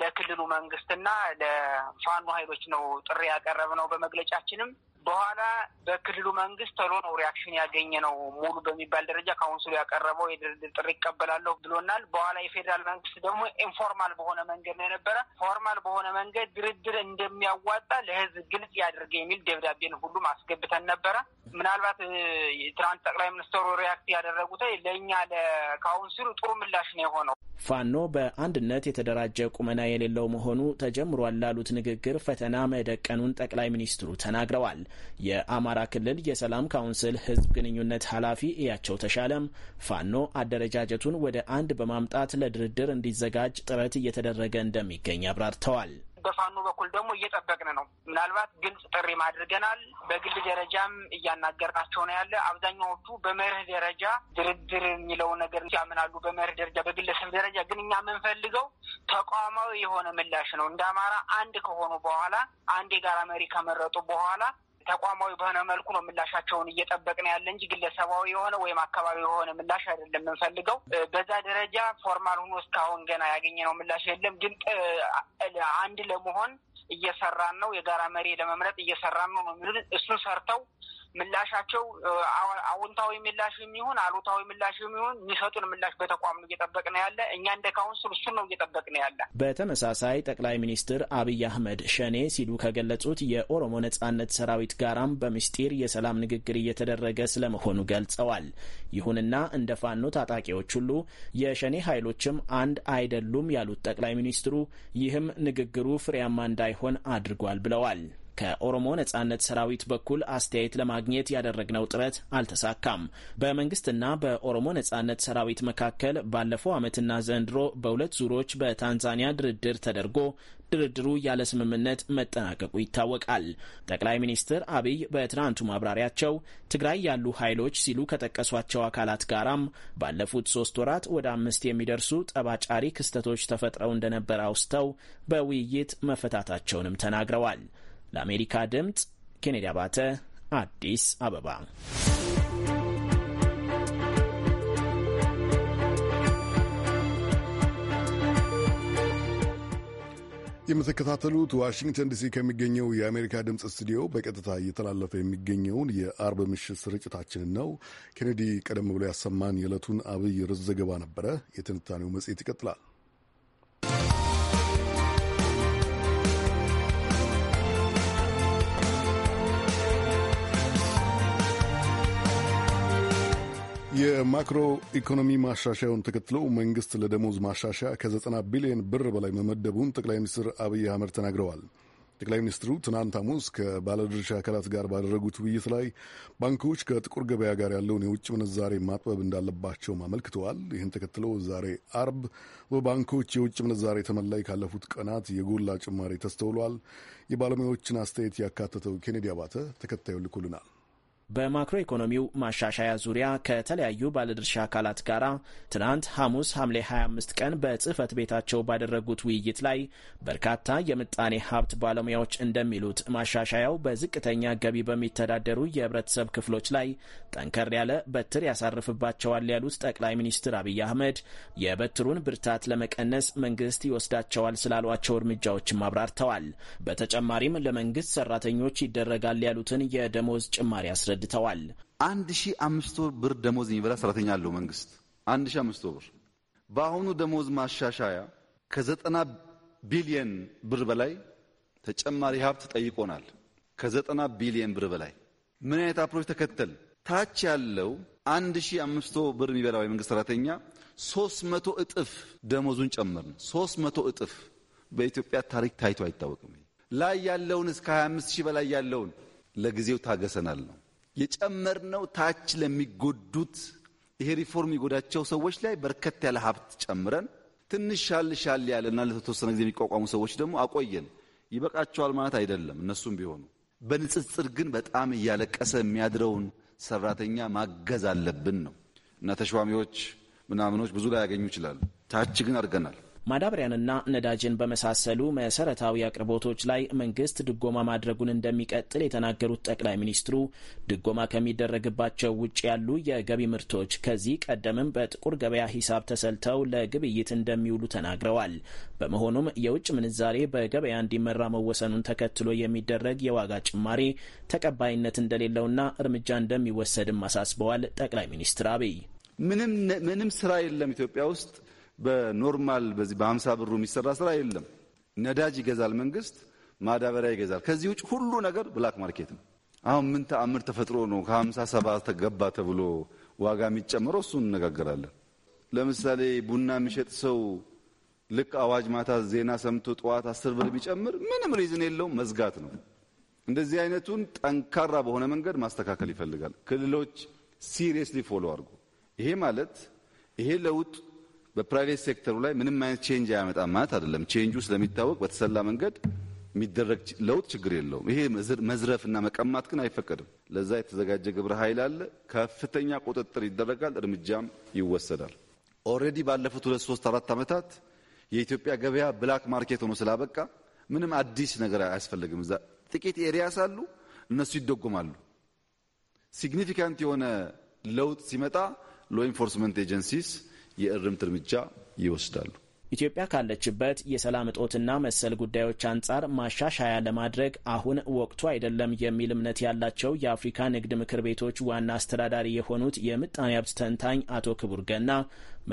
ለክልሉ መንግስትና ለፋኖ ኃይሎች ነው ጥሪ ያቀረብነው። በመግለጫችንም በኋላ በክልሉ መንግስት ቶሎ ነው ሪያክሽን ያገኘ ነው። ሙሉ በሚባል ደረጃ ካውንስሉ ያቀረበው የድርድር ጥሪ ይቀበላለሁ ብሎናል። በኋላ የፌዴራል መንግስት ደግሞ ኢንፎርማል በሆነ መንገድ ነው የነበረ። ፎርማል በሆነ መንገድ ድርድር እንደሚያዋጣ ለህዝብ ግልጽ ያድርገ የሚል ደብዳቤን ሁሉም አስገብተን ነበረ። ምናልባት ትናንት ጠቅላይ ሚኒስትሩ ሪያክት ያደረጉት ለእኛ ለካውንስሉ ጥሩ ምላሽ ነው የሆነው። ፋኖ በአንድነት የተደራጀ ቁመና የሌለው መሆኑ ተጀምሯል ላሉት ንግግር ፈተና መደቀኑን ጠቅላይ ሚኒስትሩ ተናግረዋል። የአማራ ክልል የሰላም ካውንስል ህዝብ ግንኙነት ኃላፊ እያቸው ተሻለም ፋኖ አደረጃጀቱን ወደ አንድ በማምጣት ለድርድር እንዲዘጋጅ ጥረት እየተደረገ እንደሚገኝ አብራርተዋል። በፋኖ በኩል ደግሞ እየጠበቅን ነው። ምናልባት ግልጽ ጥሪም አድርገናል። በግል ደረጃም እያናገርናቸው ነው ያለ። አብዛኛዎቹ በመርህ ደረጃ ድርድር የሚለው ነገር ያምናሉ። በመርህ ደረጃ በግለሰብ ደረጃ ግን እኛ የምንፈልገው ተቋማዊ የሆነ ምላሽ ነው። እንደ አማራ አንድ ከሆኑ በኋላ አንድ የጋራ መሪ ከመረጡ በኋላ ተቋማዊ በሆነ መልኩ ነው ምላሻቸውን እየጠበቅን ያለ እንጂ ግለሰባዊ የሆነ ወይም አካባቢ የሆነ ምላሽ አይደለም የምንፈልገው። በዛ ደረጃ ፎርማል ሆኖ እስካሁን ገና ያገኘነው ምላሽ የለም። ግን አንድ ለመሆን እየሰራን ነው፣ የጋራ መሪ ለመምረጥ እየሰራን ነው ነው እሱን ሰርተው ምላሻቸው አዎንታዊ ምላሽ የሚሆን አሉታዊ ምላሽ የሚሆን የሚሰጡን ምላሽ በተቋም ነው እየጠበቅን ያለ። እኛ እንደ ካውንስል እሱን ነው እየጠበቅን ያለ። በተመሳሳይ ጠቅላይ ሚኒስትር አብይ አህመድ ሸኔ ሲሉ ከገለጹት የኦሮሞ ነጻነት ሰራዊት ጋራም በምስጢር የሰላም ንግግር እየተደረገ ስለመሆኑ ገልጸዋል። ይሁንና እንደ ፋኖ ታጣቂዎች ሁሉ የሸኔ ኃይሎችም አንድ አይደሉም ያሉት ጠቅላይ ሚኒስትሩ ይህም ንግግሩ ፍሬያማ እንዳይሆን አድርጓል ብለዋል። ከኦሮሞ ነጻነት ሰራዊት በኩል አስተያየት ለማግኘት ያደረግነው ጥረት አልተሳካም። በመንግስትና በኦሮሞ ነጻነት ሰራዊት መካከል ባለፈው ዓመትና ዘንድሮ በሁለት ዙሮች በታንዛኒያ ድርድር ተደርጎ ድርድሩ ያለ ስምምነት መጠናቀቁ ይታወቃል። ጠቅላይ ሚኒስትር አብይ በትናንቱ ማብራሪያቸው ትግራይ ያሉ ኃይሎች ሲሉ ከጠቀሷቸው አካላት ጋራም ባለፉት ሶስት ወራት ወደ አምስት የሚደርሱ ጠባጫሪ ክስተቶች ተፈጥረው እንደነበረ አውስተው በውይይት መፈታታቸውንም ተናግረዋል። ለአሜሪካ ድምፅ ኬኔዲ አባተ አዲስ አበባ። የምትከታተሉት ዋሽንግተን ዲሲ ከሚገኘው የአሜሪካ ድምፅ ስቱዲዮ በቀጥታ እየተላለፈ የሚገኘውን የአርብ ምሽት ስርጭታችንን ነው። ኬኔዲ ቀደም ብሎ ያሰማን የዕለቱን አብይ ርዕስ ዘገባ ነበረ። የትንታኔው መጽሔት ይቀጥላል። የማክሮ ኢኮኖሚ ማሻሻያውን ተከትሎ መንግስት ለደሞዝ ማሻሻያ ከዘጠና ቢሊዮን ብር በላይ መመደቡን ጠቅላይ ሚኒስትር አብይ አህመድ ተናግረዋል። ጠቅላይ ሚኒስትሩ ትናንት ሐሙስ ከባለድርሻ አካላት ጋር ባደረጉት ውይይት ላይ ባንኮች ከጥቁር ገበያ ጋር ያለውን የውጭ ምንዛሬ ማጥበብ እንዳለባቸውም አመልክተዋል። ይህን ተከትሎ ዛሬ አርብ በባንኮች የውጭ ምንዛሬ ተመላይ ካለፉት ቀናት የጎላ ጭማሪ ተስተውሏል። የባለሙያዎችን አስተያየት ያካተተው ኬኔዲ አባተ ተከታዩ ልኮልናል። በማክሮ ኢኮኖሚው ማሻሻያ ዙሪያ ከተለያዩ ባለድርሻ አካላት ጋር ትናንት ሐሙስ ሐምሌ 25 ቀን በጽህፈት ቤታቸው ባደረጉት ውይይት ላይ በርካታ የምጣኔ ሀብት ባለሙያዎች እንደሚሉት ማሻሻያው በዝቅተኛ ገቢ በሚተዳደሩ የህብረተሰብ ክፍሎች ላይ ጠንከር ያለ በትር ያሳርፍባቸዋል ያሉት ጠቅላይ ሚኒስትር አብይ አህመድ የበትሩን ብርታት ለመቀነስ መንግስት ይወስዳቸዋል ስላሏቸው እርምጃዎችም አብራርተዋል። በተጨማሪም ለመንግስት ሰራተኞች ይደረጋል ያሉትን የደሞዝ ጭማሪ አስረድ አስረድተዋል። አንድ ሺህ አምስት ወር ብር ደሞዝ የሚበላ ሰራተኛ አለው መንግስት አንድ ሺህ አምስት ወር በአሁኑ ደሞዝ ማሻሻያ ከዘጠና ቢሊየን ብር በላይ ተጨማሪ ሀብት ጠይቆናል። ከዘጠና ቢሊየን ብር በላይ ምን አይነት አፕሮች ተከተል ታች ያለው አንድ ሺህ አምስት ብር የሚበላው የመንግስት ሰራተኛ ሶስት መቶ እጥፍ ደሞዙን ጨምርን ሶስት መቶ እጥፍ በኢትዮጵያ ታሪክ ታይቶ አይታወቅም። ላይ ያለውን እስከ 25 ሺህ በላይ ያለውን ለጊዜው ታገሰናል ነው የጨመርነው ታች ለሚጎዱት ይሄ ሪፎርም የጎዳቸው ሰዎች ላይ በርከት ያለ ሀብት ጨምረን ትንሽ ሻል ሻል ያለና ለተወሰነ ጊዜ የሚቋቋሙ ሰዎች ደግሞ አቆየን። ይበቃቸዋል ማለት አይደለም። እነሱም ቢሆኑ በንጽጽር ግን በጣም እያለቀሰ የሚያድረውን ሰራተኛ ማገዝ አለብን ነው እና ተሿሚዎች ምናምኖች ብዙ ላይ ያገኙ ይችላሉ። ታች ግን አድርገናል። ማዳበሪያንና ነዳጅን በመሳሰሉ መሰረታዊ አቅርቦቶች ላይ መንግስት ድጎማ ማድረጉን እንደሚቀጥል የተናገሩት ጠቅላይ ሚኒስትሩ ድጎማ ከሚደረግባቸው ውጭ ያሉ የገቢ ምርቶች ከዚህ ቀደምም በጥቁር ገበያ ሂሳብ ተሰልተው ለግብይት እንደሚውሉ ተናግረዋል። በመሆኑም የውጭ ምንዛሬ በገበያ እንዲመራ መወሰኑን ተከትሎ የሚደረግ የዋጋ ጭማሪ ተቀባይነት እንደሌለውና እርምጃ እንደሚወሰድም አሳስበዋል። ጠቅላይ ሚኒስትር አብይ ምንም ስራ የለም ኢትዮጵያ ውስጥ በኖርማል በዚህ በሀምሳ ብሩ የሚሰራ ስራ የለም። ነዳጅ ይገዛል መንግስት፣ ማዳበሪያ ይገዛል። ከዚህ ውጭ ሁሉ ነገር ብላክ ማርኬት ነው። አሁን ምን ተአምር ተፈጥሮ ነው ከሀምሳ ሰባ ተገባ ተብሎ ዋጋ የሚጨምረው? እሱን እነጋገራለን። ለምሳሌ ቡና የሚሸጥ ሰው ልክ አዋጅ ማታ ዜና ሰምቶ ጠዋት አስር ብር ቢጨምር ምንም ሪዝን የለውም፣ መዝጋት ነው። እንደዚህ አይነቱን ጠንካራ በሆነ መንገድ ማስተካከል ይፈልጋል። ክልሎች ሲሪየስሊ ፎሎ አድርጎ ይሄ ማለት ይሄ ለውጥ በፕራይቬት ሴክተሩ ላይ ምንም አይነት ቼንጅ አያመጣም ማለት አይደለም። ቼንጁ ስለሚታወቅ በተሰላ መንገድ የሚደረግ ለውጥ ችግር የለውም። ይሄ መዝረፍና መቀማት ግን አይፈቀድም። ለዛ የተዘጋጀ ግብረ ኃይል አለ። ከፍተኛ ቁጥጥር ይደረጋል፣ እርምጃም ይወሰዳል። ኦልሬዲ ባለፉት ሁለት ሶስት አራት ዓመታት የኢትዮጵያ ገበያ ብላክ ማርኬት ሆኖ ስላበቃ ምንም አዲስ ነገር አያስፈልግም። እዛ ጥቂት ኤሪያስ አሉ፣ እነሱ ይደጎማሉ። ሲግኒፊካንት የሆነ ለውጥ ሲመጣ ሎ ኢንፎርስመንት ኤጀንሲስ የእርምት እርምጃ ይወስዳሉ። ኢትዮጵያ ካለችበት የሰላም እጦትና መሰል ጉዳዮች አንጻር ማሻሻያ ለማድረግ አሁን ወቅቱ አይደለም የሚል እምነት ያላቸው የአፍሪካ ንግድ ምክር ቤቶች ዋና አስተዳዳሪ የሆኑት የምጣኔ ሀብት ተንታኝ አቶ ክቡር ገና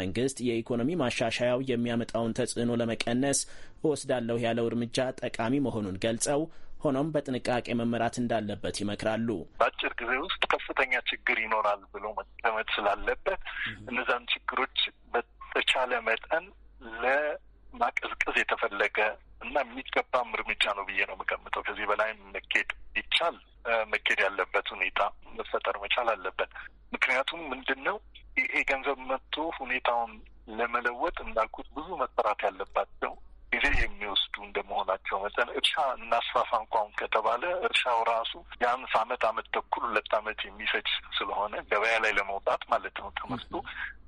መንግስት የኢኮኖሚ ማሻሻያው የሚያመጣውን ተጽዕኖ ለመቀነስ እወስዳለሁ ያለው እርምጃ ጠቃሚ መሆኑን ገልጸው ሆኖም በጥንቃቄ መመራት እንዳለበት ይመክራሉ። በአጭር ጊዜ ውስጥ ከፍተኛ ችግር ይኖራል ብሎ መቀመጥ ስላለበት እነዛን ችግሮች በተቻለ መጠን ለማቀዝቀዝ የተፈለገ እና የሚገባም እርምጃ ነው ብዬ ነው የምገምተው። ከዚህ በላይም መኬድ ይቻል መኬድ ያለበት ሁኔታ መፈጠር መቻል አለበት። ምክንያቱም ምንድን ነው ይሄ ገንዘብ መጥቶ ሁኔታውን ለመለወጥ እንዳልኩት ብዙ መሰራት ያለባቸው ጊዜ የሚወስዱ እንደመሆናቸው መጠን እርሻ እናስፋፋ እንኳን ከተባለ እርሻው ራሱ የአንስ አመት አመት ተኩል ሁለት አመት የሚፈጅ ስለሆነ ገበያ ላይ ለመውጣት ማለት ነው ተመስቶ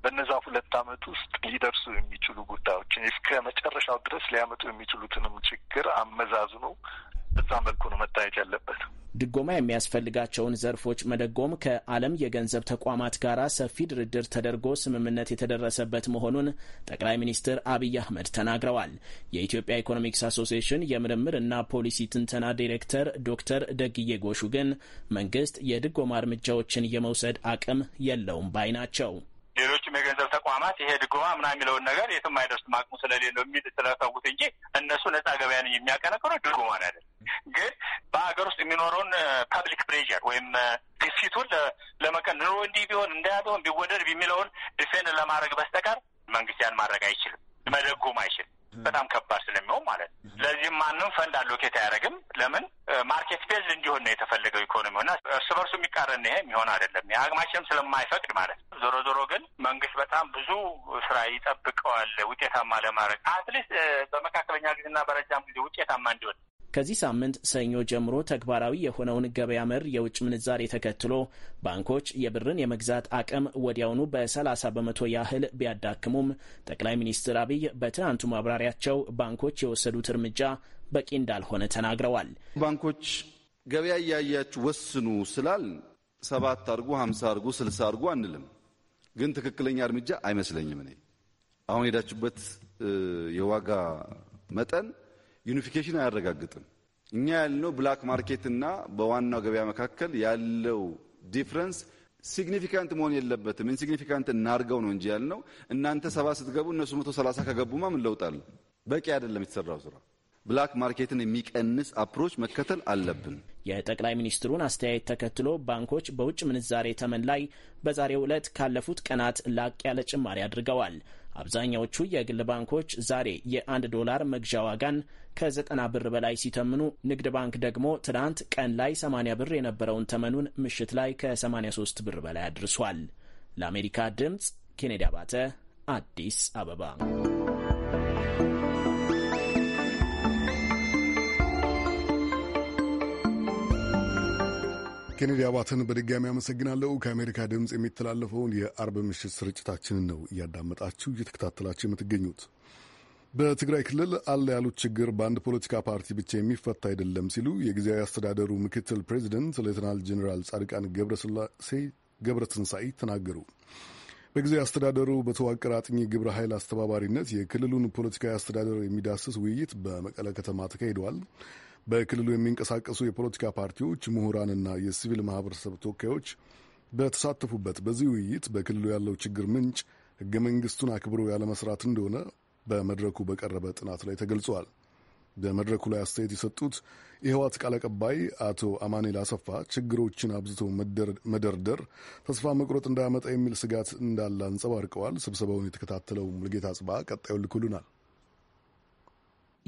በነዛ ሁለት አመት ውስጥ ሊደርሱ የሚችሉ ጉዳዮችን እስከ መጨረሻው ድረስ ሊያመጡ የሚችሉትንም ችግር አመዛዝኖ በዛ መልኩ ነው መታየት ያለበት። ድጎማ የሚያስፈልጋቸውን ዘርፎች መደጎም ከዓለም የገንዘብ ተቋማት ጋር ሰፊ ድርድር ተደርጎ ስምምነት የተደረሰበት መሆኑን ጠቅላይ ሚኒስትር አብይ አህመድ ተናግረዋል። የኢትዮጵያ ኢኮኖሚክስ የምርምር እና ፖሊሲ ትንተና ዲሬክተር ዶክተር ደግዬ ጎሹ ግን መንግስት የድጎማ እርምጃዎችን የመውሰድ አቅም የለውም ባይ ናቸው። ሌሎችም የገንዘብ ተቋማት ይሄ ድጎማ ምና የሚለውን ነገር የትም አይደርስም አቅሙ ስለሌለው የሚል ስለሰውት እንጂ እነሱ ነጻ ገበያን የሚያቀነቅሩ ድጎማ ነው ያለ። ግን በሀገር ውስጥ የሚኖረውን ፐብሊክ ፕሬዠር ወይም ግፊቱን ለመቀን ኑሮ እንዲህ ቢሆን እንዳያ ቢሆን ቢወደድ የሚለውን ዲፌንድ ለማድረግ በስተቀር መንግስት ያን ማድረግ አይችልም፣ መደጎም አይችልም። በጣም ከባድ ስለሚሆን ማለት ነው። ስለዚህም ማንም ፈንድ አሎኬት አያደርግም። ለምን ማርኬት ቤዝ እንዲሆን ነው የተፈለገው ሆና እርስ በርሱ የሚቃረን ይሄ የሚሆን አይደለም። የአቅማችንም ስለማይፈቅድ ማለት ነው። ዞሮ ዞሮ ግን መንግስት በጣም ብዙ ስራ ይጠብቀዋል ውጤታማ ለማድረግ አትሊስት በመካከለኛ ጊዜና በረጃም ጊዜ ውጤታማ እንዲሆን ከዚህ ሳምንት ሰኞ ጀምሮ ተግባራዊ የሆነውን ገበያ መር የውጭ ምንዛሬ ተከትሎ ባንኮች የብርን የመግዛት አቅም ወዲያውኑ በ30 በመቶ ያህል ቢያዳክሙም ጠቅላይ ሚኒስትር አብይ በትናንቱ ማብራሪያቸው ባንኮች የወሰዱት እርምጃ በቂ እንዳልሆነ ተናግረዋል። ባንኮች ገበያ እያያችሁ ወስኑ ስላል ሰባት አድርጉ፣ ሀምሳ አድርጉ፣ ስልሳ አድርጉ አንልም። ግን ትክክለኛ እርምጃ አይመስለኝም። እኔ አሁን ሄዳችሁበት የዋጋ መጠን ዩኒፊኬሽን አያረጋግጥም። እኛ ያልነው ብላክ ማርኬትና በዋናው ገበያ መካከል ያለው ዲፍረንስ ሲግኒፊካንት መሆን የለበትም። ኢንሲግኒፊካንት እናርገው ነው እንጂ ያልነው። እናንተ ሰባ ስትገቡ እነሱ መቶ ሰላሳ ከገቡማ ምን ለውጥ በቂ አይደለም የተሰራው ስራ። ብላክ ማርኬትን የሚቀንስ አፕሮች መከተል አለብን። የጠቅላይ ሚኒስትሩን አስተያየት ተከትሎ ባንኮች በውጭ ምንዛሬ ተመን ላይ በዛሬው ዕለት ካለፉት ቀናት ላቅ ያለ ጭማሪ አድርገዋል። አብዛኛዎቹ የግል ባንኮች ዛሬ የአንድ ዶላር መግዣ ዋጋን ከ90 ብር በላይ ሲተምኑ፣ ንግድ ባንክ ደግሞ ትናንት ቀን ላይ 80 ብር የነበረውን ተመኑን ምሽት ላይ ከ83 ብር በላይ አድርሷል። ለአሜሪካ ድምፅ ኬኔዲ አባተ አዲስ አበባ ኬኔዲ አባትን በድጋሚ አመሰግናለሁ። ከአሜሪካ ድምፅ የሚተላለፈውን የአርብ ምሽት ስርጭታችንን ነው እያዳመጣችሁ እየተከታተላችሁ የምትገኙት። በትግራይ ክልል አለ ያሉት ችግር በአንድ ፖለቲካ ፓርቲ ብቻ የሚፈታ አይደለም ሲሉ የጊዜያዊ አስተዳደሩ ምክትል ፕሬዚደንት ሌትናል ጀኔራል ጻድቃን ገብረስላሴ ገብረትንሳኤ ተናገሩ። በጊዜያዊ አስተዳደሩ በተዋቀረ አጥኚ ግብረ ኃይል አስተባባሪነት የክልሉን ፖለቲካዊ አስተዳደር የሚዳስስ ውይይት በመቀለ ከተማ ተካሂደዋል። በክልሉ የሚንቀሳቀሱ የፖለቲካ ፓርቲዎች፣ ምሁራንና የሲቪል ማህበረሰብ ተወካዮች በተሳተፉበት በዚህ ውይይት በክልሉ ያለው ችግር ምንጭ ህገ መንግስቱን አክብሮ ያለመስራት እንደሆነ በመድረኩ በቀረበ ጥናት ላይ ተገልጿል። በመድረኩ ላይ አስተያየት የሰጡት የህወሓት ቃል አቀባይ አቶ አማኔል አሰፋ ችግሮችን አብዝቶ መደርደር ተስፋ መቁረጥ እንዳያመጣ የሚል ስጋት እንዳለ አንጸባርቀዋል። ስብሰባውን የተከታተለው ሙልጌታ ጽባ ቀጣዩን ልኩልናል።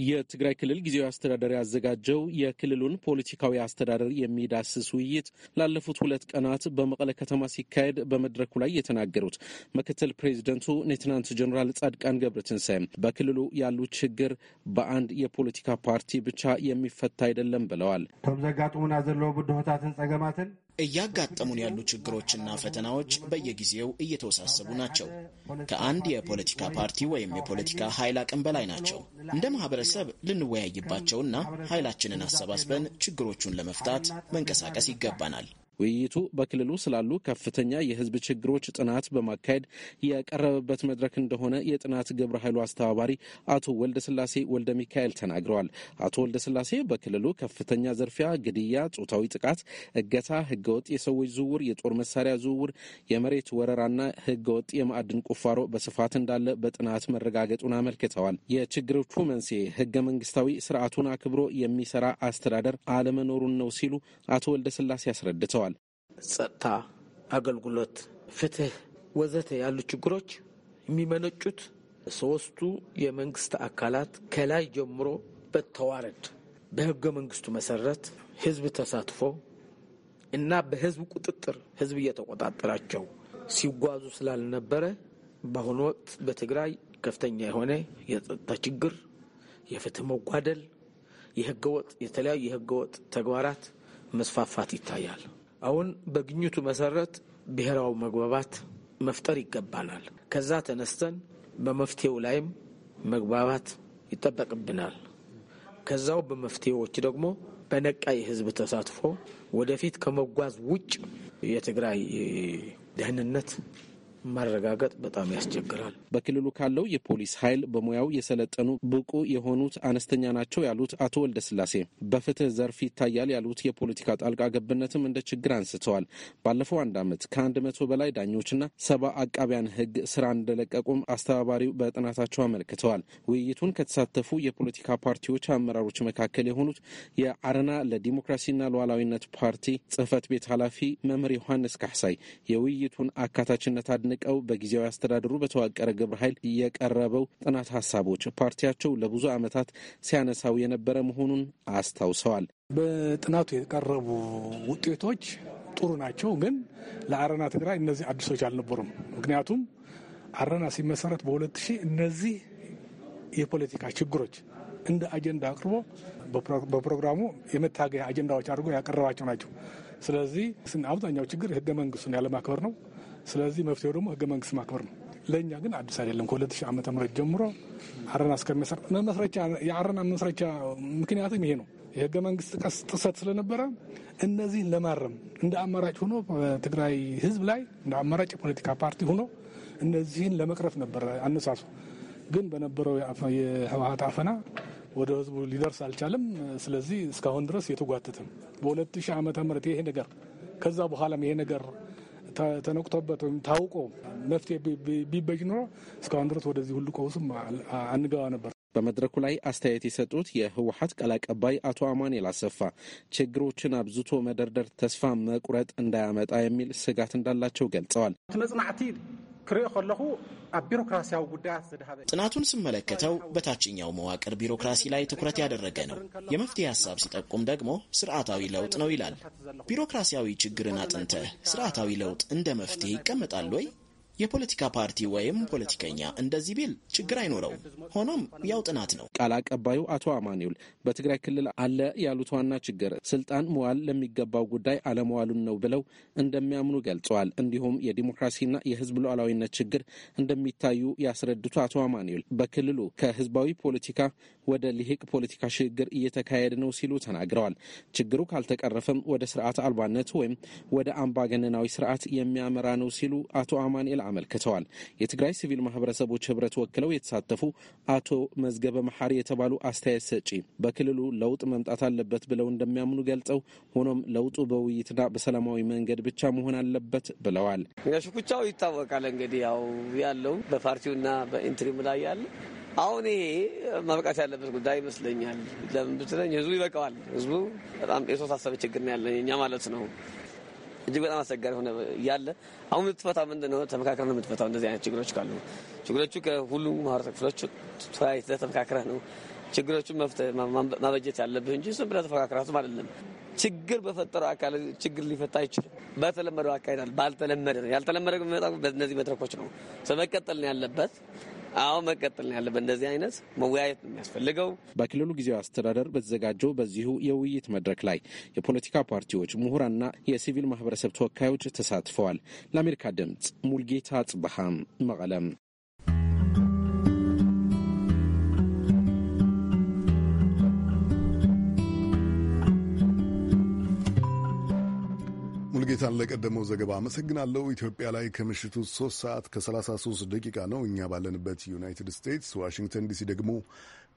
የትግራይ ክልል ጊዜያዊ አስተዳደር ያዘጋጀው የክልሉን ፖለቲካዊ አስተዳደር የሚዳስስ ውይይት ላለፉት ሁለት ቀናት በመቀለ ከተማ ሲካሄድ በመድረኩ ላይ የተናገሩት ምክትል ፕሬዚደንቱ ሌትናንት ጀኔራል ጻድቃን ገብረትንሳኤም በክልሉ ያሉ ችግር በአንድ የፖለቲካ ፓርቲ ብቻ የሚፈታ አይደለም ብለዋል። ቶም ዘጋጥሙና ዘለዎ ብድሆታትን ጸገማትን እያጋጠሙን ያሉ ችግሮችና ፈተናዎች በየጊዜው እየተወሳሰቡ ናቸው። ከአንድ የፖለቲካ ፓርቲ ወይም የፖለቲካ ኃይል አቅም በላይ ናቸው። እንደ ማህበረሰብ ልንወያይባቸውና ኃይላችንን አሰባስበን ችግሮቹን ለመፍታት መንቀሳቀስ ይገባናል። ውይይቱ በክልሉ ስላሉ ከፍተኛ የህዝብ ችግሮች ጥናት በማካሄድ የቀረበበት መድረክ እንደሆነ የጥናት ግብረ ኃይሉ አስተባባሪ አቶ ወልደ ስላሴ ወልደ ሚካኤል ተናግረዋል። አቶ ወልደ ስላሴ በክልሉ ከፍተኛ ዘርፊያ፣ ግድያ፣ ጾታዊ ጥቃት፣ እገታ፣ ህገወጥ የሰዎች ዝውውር፣ የጦር መሳሪያ ዝውውር፣ የመሬት ወረራና ህገወጥ የማዕድን ቁፋሮ በስፋት እንዳለ በጥናት መረጋገጡን አመልክተዋል። የችግሮቹ መንስኤ ህገ መንግስታዊ ስርዓቱን አክብሮ የሚሰራ አስተዳደር አለመኖሩን ነው ሲሉ አቶ ወልደ ስላሴ አስረድተዋል። ጸጥታ፣ አገልግሎት፣ ፍትህ፣ ወዘተ ያሉ ችግሮች የሚመነጩት ሶስቱ የመንግስት አካላት ከላይ ጀምሮ በተዋረድ በህገ መንግስቱ መሰረት ህዝብ ተሳትፎ እና በህዝብ ቁጥጥር ህዝብ እየተቆጣጠራቸው ሲጓዙ ስላልነበረ በአሁኑ ወቅት በትግራይ ከፍተኛ የሆነ የጸጥታ ችግር፣ የፍትህ መጓደል፣ የህገወጥ የተለያዩ የህገወጥ ተግባራት መስፋፋት ይታያል። አሁን በግኝቱ መሰረት ብሔራዊ መግባባት መፍጠር ይገባናል። ከዛ ተነስተን በመፍትሄው ላይም መግባባት ይጠበቅብናል። ከዛው በመፍትሄዎች ደግሞ በነቃ የህዝብ ተሳትፎ ወደፊት ከመጓዝ ውጭ የትግራይ ደህንነት ማረጋገጥ በጣም ያስቸግራል። በክልሉ ካለው የፖሊስ ኃይል በሙያው የሰለጠኑ ብቁ የሆኑት አነስተኛ ናቸው ያሉት አቶ ወልደ ስላሴ በፍትህ ዘርፍ ይታያል ያሉት የፖለቲካ ጣልቃ ገብነትም እንደ ችግር አንስተዋል። ባለፈው አንድ ዓመት ከአንድ መቶ በላይ ዳኞችና ሰባ አቃቢያን ህግ ስራ እንደለቀቁም አስተባባሪው በጥናታቸው አመልክተዋል። ውይይቱን ከተሳተፉ የፖለቲካ ፓርቲዎች አመራሮች መካከል የሆኑት የአረና ለዲሞክራሲና ለሉዓላዊነት ፓርቲ ጽህፈት ቤት ኃላፊ መምህር ዮሐንስ ካሕሳይ የውይይቱን አካታችነት አድነ አንቀው በጊዜያዊ አስተዳደሩ በተዋቀረ ግብረ ኃይል የቀረበው ጥናት ሀሳቦች ፓርቲያቸው ለብዙ ዓመታት ሲያነሳው የነበረ መሆኑን አስታውሰዋል። በጥናቱ የቀረቡ ውጤቶች ጥሩ ናቸው፣ ግን ለአረና ትግራይ እነዚህ አዲሶች አልነበሩም። ምክንያቱም አረና ሲመሰረት በሁለት ሺህ እነዚህ የፖለቲካ ችግሮች እንደ አጀንዳ አቅርቦ በፕሮግራሙ የመታገያ አጀንዳዎች አድርጎ ያቀረባቸው ናቸው። ስለዚህ አብዛኛው ችግር ህገ መንግስቱን ያለማክበር ነው። ስለዚህ መፍትሄው ደግሞ ህገ መንግስት ማክበር ነው። ለእኛ ግን አዲስ አይደለም። ከሁለት ሺህ ዓመተ ም ጀምሮ አረና እስከሚመሰረት የአረና መስረቻ ምክንያትም ይሄ ነው። የህገ መንግስት ጥሰት ስለነበረ እነዚህን ለማረም እንደ አማራጭ ሆኖ ትግራይ ህዝብ ላይ እንደ አማራጭ የፖለቲካ ፓርቲ ሆኖ እነዚህን ለመቅረፍ ነበረ አነሳሱ። ግን በነበረው የህወሀት አፈና ወደ ህዝቡ ሊደርስ አልቻለም። ስለዚህ እስካሁን ድረስ የተጓተተ በ ሺህ ዓመተ ምህረት ይሄ ነገር ከዛ በኋላም ይሄ ነገር ተነቁቶበት ወይም ታውቆ መፍትሄ ቢበጅ ኖሮ እስካሁን ድረስ ወደዚህ ሁሉ ቀውስም አንገባ ነበር። በመድረኩ ላይ አስተያየት የሰጡት የህወሀት ቃል አቀባይ አቶ አማኔል አሰፋ ችግሮችን አብዝቶ መደርደር ተስፋ መቁረጥ እንዳያመጣ የሚል ስጋት እንዳላቸው ገልጸዋል። ጥናቱን ስመለከተው በታችኛው መዋቅር ቢሮክራሲ ላይ ትኩረት ያደረገ ነው። የመፍትሄ ሀሳብ ሲጠቁም ደግሞ ስርዓታዊ ለውጥ ነው ይላል። ቢሮክራሲያዊ ችግርን አጥንተ ስርዓታዊ ለውጥ እንደ መፍትሄ ይቀመጣል ወይ? የፖለቲካ ፓርቲ ወይም ፖለቲከኛ እንደዚህ ቢል ችግር አይኖረውም። ሆኖም ያው ጥናት ነው። ቃል አቀባዩ አቶ አማኒውል በትግራይ ክልል አለ ያሉት ዋና ችግር ስልጣን መዋል ለሚገባው ጉዳይ አለመዋሉን ነው ብለው እንደሚያምኑ ገልጸዋል። እንዲሁም የዲሞክራሲና የህዝብ ሉዓላዊነት ችግር እንደሚታዩ ያስረድቱ አቶ አማኒውል በክልሉ ከህዝባዊ ፖለቲካ ወደ ልሂቅ ፖለቲካ ሽግግር እየተካሄደ ነው ሲሉ ተናግረዋል። ችግሩ ካልተቀረፈም ወደ ስርዓት አልባነት ወይም ወደ አምባገነናዊ ስርዓት የሚያመራ ነው ሲሉ አቶ አማኑኤል አመልክተዋል። የትግራይ ሲቪል ማህበረሰቦች ህብረት ወክለው የተሳተፉ አቶ መዝገበ መሐሪ የተባሉ አስተያየት ሰጪ በክልሉ ለውጥ መምጣት አለበት ብለው እንደሚያምኑ ገልጸው ሆኖም ለውጡ በውይይትና በሰላማዊ መንገድ ብቻ መሆን አለበት ብለዋል። ሽኩቻው ይታወቃል። እንግዲህ ያው ያለው በፓርቲውና በኢንትሪም ላይ ያለ አሁን ይሄ መብቃት ያለበት ጉዳይ ይመስለኛል። ለምን ብትለኝ ህዝቡ ይበቃዋል። ህዝቡ በጣም የሶስት ችግር ነው ያለ እኛ ማለት ነው እጅግ በጣም አስቸጋሪ ሆነ ያለ አሁን የምትፈታ ምንድን ነው ተመካክረህ ነው የምትፈታው። እንደዚህ አይነት ችግሮች ካሉ ችግሮቹ ከሁሉ ማህበረሰብ ክፍሎች ተወያይተህ ተመካክረህ ነው ችግሮቹን ማበጀት ያለብህ እንጂ ዝም ብለህ ተፈካክራቱም አይደለም። ችግር በፈጠረው አካል ችግር ሊፈታ አይችልም። በተለመደው አካሄዳል ባልተለመደ ነው ያልተለመደ በእነዚህ መድረኮች ነው መቀጠል ነው ያለበት። አዎ መቀጠል ነው ያለበት። እንደዚህ አይነት መወያየት ነው የሚያስፈልገው። በክልሉ ጊዜያዊ አስተዳደር በተዘጋጀው በዚሁ የውይይት መድረክ ላይ የፖለቲካ ፓርቲዎች ምሁራንና የሲቪል ማህበረሰብ ተወካዮች ተሳትፈዋል። ለአሜሪካ ድምጽ ሙልጌታ ጽበሃም መቀለም ሙልጌታን ለቀደመው ዘገባ አመሰግናለሁ። ኢትዮጵያ ላይ ከምሽቱ 3 ሰዓት ከ33 ደቂቃ ነው። እኛ ባለንበት ዩናይትድ ስቴትስ፣ ዋሽንግተን ዲሲ ደግሞ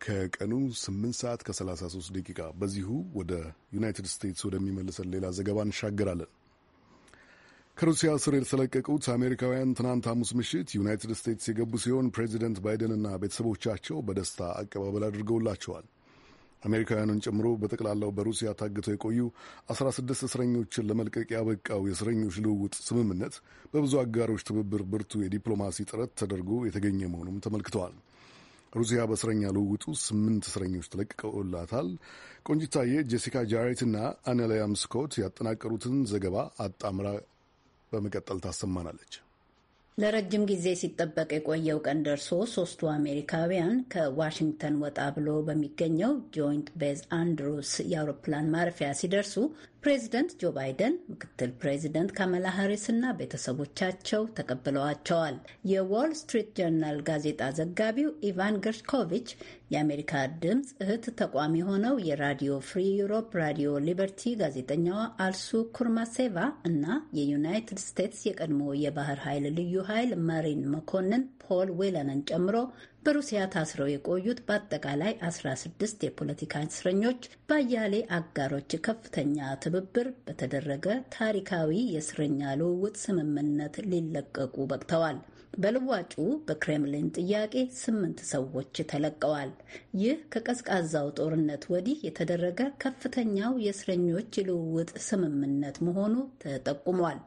ከቀኑ 8 ሰዓት ከ33 ደቂቃ። በዚሁ ወደ ዩናይትድ ስቴትስ ወደሚመልሰን ሌላ ዘገባ እንሻገራለን። ከሩሲያ ስር የተለቀቁት አሜሪካውያን ትናንት ሐሙስ ምሽት ዩናይትድ ስቴትስ የገቡ ሲሆን ፕሬዚደንት ባይደንና ቤተሰቦቻቸው በደስታ አቀባበል አድርገውላቸዋል። አሜሪካውያኑን ጨምሮ በጠቅላላው በሩሲያ ታግተው የቆዩ 16 እስረኞችን ለመልቀቅ ያበቃው የእስረኞች ልውውጥ ስምምነት በብዙ አጋሮች ትብብር ብርቱ የዲፕሎማሲ ጥረት ተደርጎ የተገኘ መሆኑም ተመልክተዋል። ሩሲያ በእስረኛ ልውውጡ ስምንት እስረኞች ተለቅቀውላታል። ቆንጅታዬ ጄሲካ እና አናሊያም ስኮት ያጠናቀሩትን ዘገባ አጣምራ በመቀጠል ታሰማናለች። ለረጅም ጊዜ ሲጠበቅ የቆየው ቀን ደርሶ ሶስቱ አሜሪካውያን ከዋሽንግተን ወጣ ብሎ በሚገኘው ጆይንት ቤዝ አንድሮስ የአውሮፕላን ማረፊያ ሲደርሱ ፕሬዚደንት ጆ ባይደን፣ ምክትል ፕሬዚደንት ካመላ ሃሪስ እና ቤተሰቦቻቸው ተቀብለዋቸዋል። የዋል ስትሪት ጀርናል ጋዜጣ ዘጋቢው ኢቫን ገርሽኮቪች የአሜሪካ ድምፅ እህት ተቋም የሆነው የራዲዮ ፍሪ ዩሮፕ ራዲዮ ሊበርቲ ጋዜጠኛዋ አልሱ ኩርማሴቫ እና የዩናይትድ ስቴትስ የቀድሞ የባህር ኃይል ልዩ ኃይል መሪን መኮንን ፖል ዌለንን ጨምሮ በሩሲያ ታስረው የቆዩት በአጠቃላይ 16 የፖለቲካ እስረኞች በአያሌ አጋሮች ከፍተኛ ትብብር በተደረገ ታሪካዊ የእስረኛ ልውውጥ ስምምነት ሊለቀቁ በቅተዋል። በልዋጩ በክሬምሊን ጥያቄ ስምንት ሰዎች ተለቀዋል። ይህ ከቀዝቃዛው ጦርነት ወዲህ የተደረገ ከፍተኛው የእስረኞች ልውውጥ ስምምነት መሆኑ ተጠቁሟል።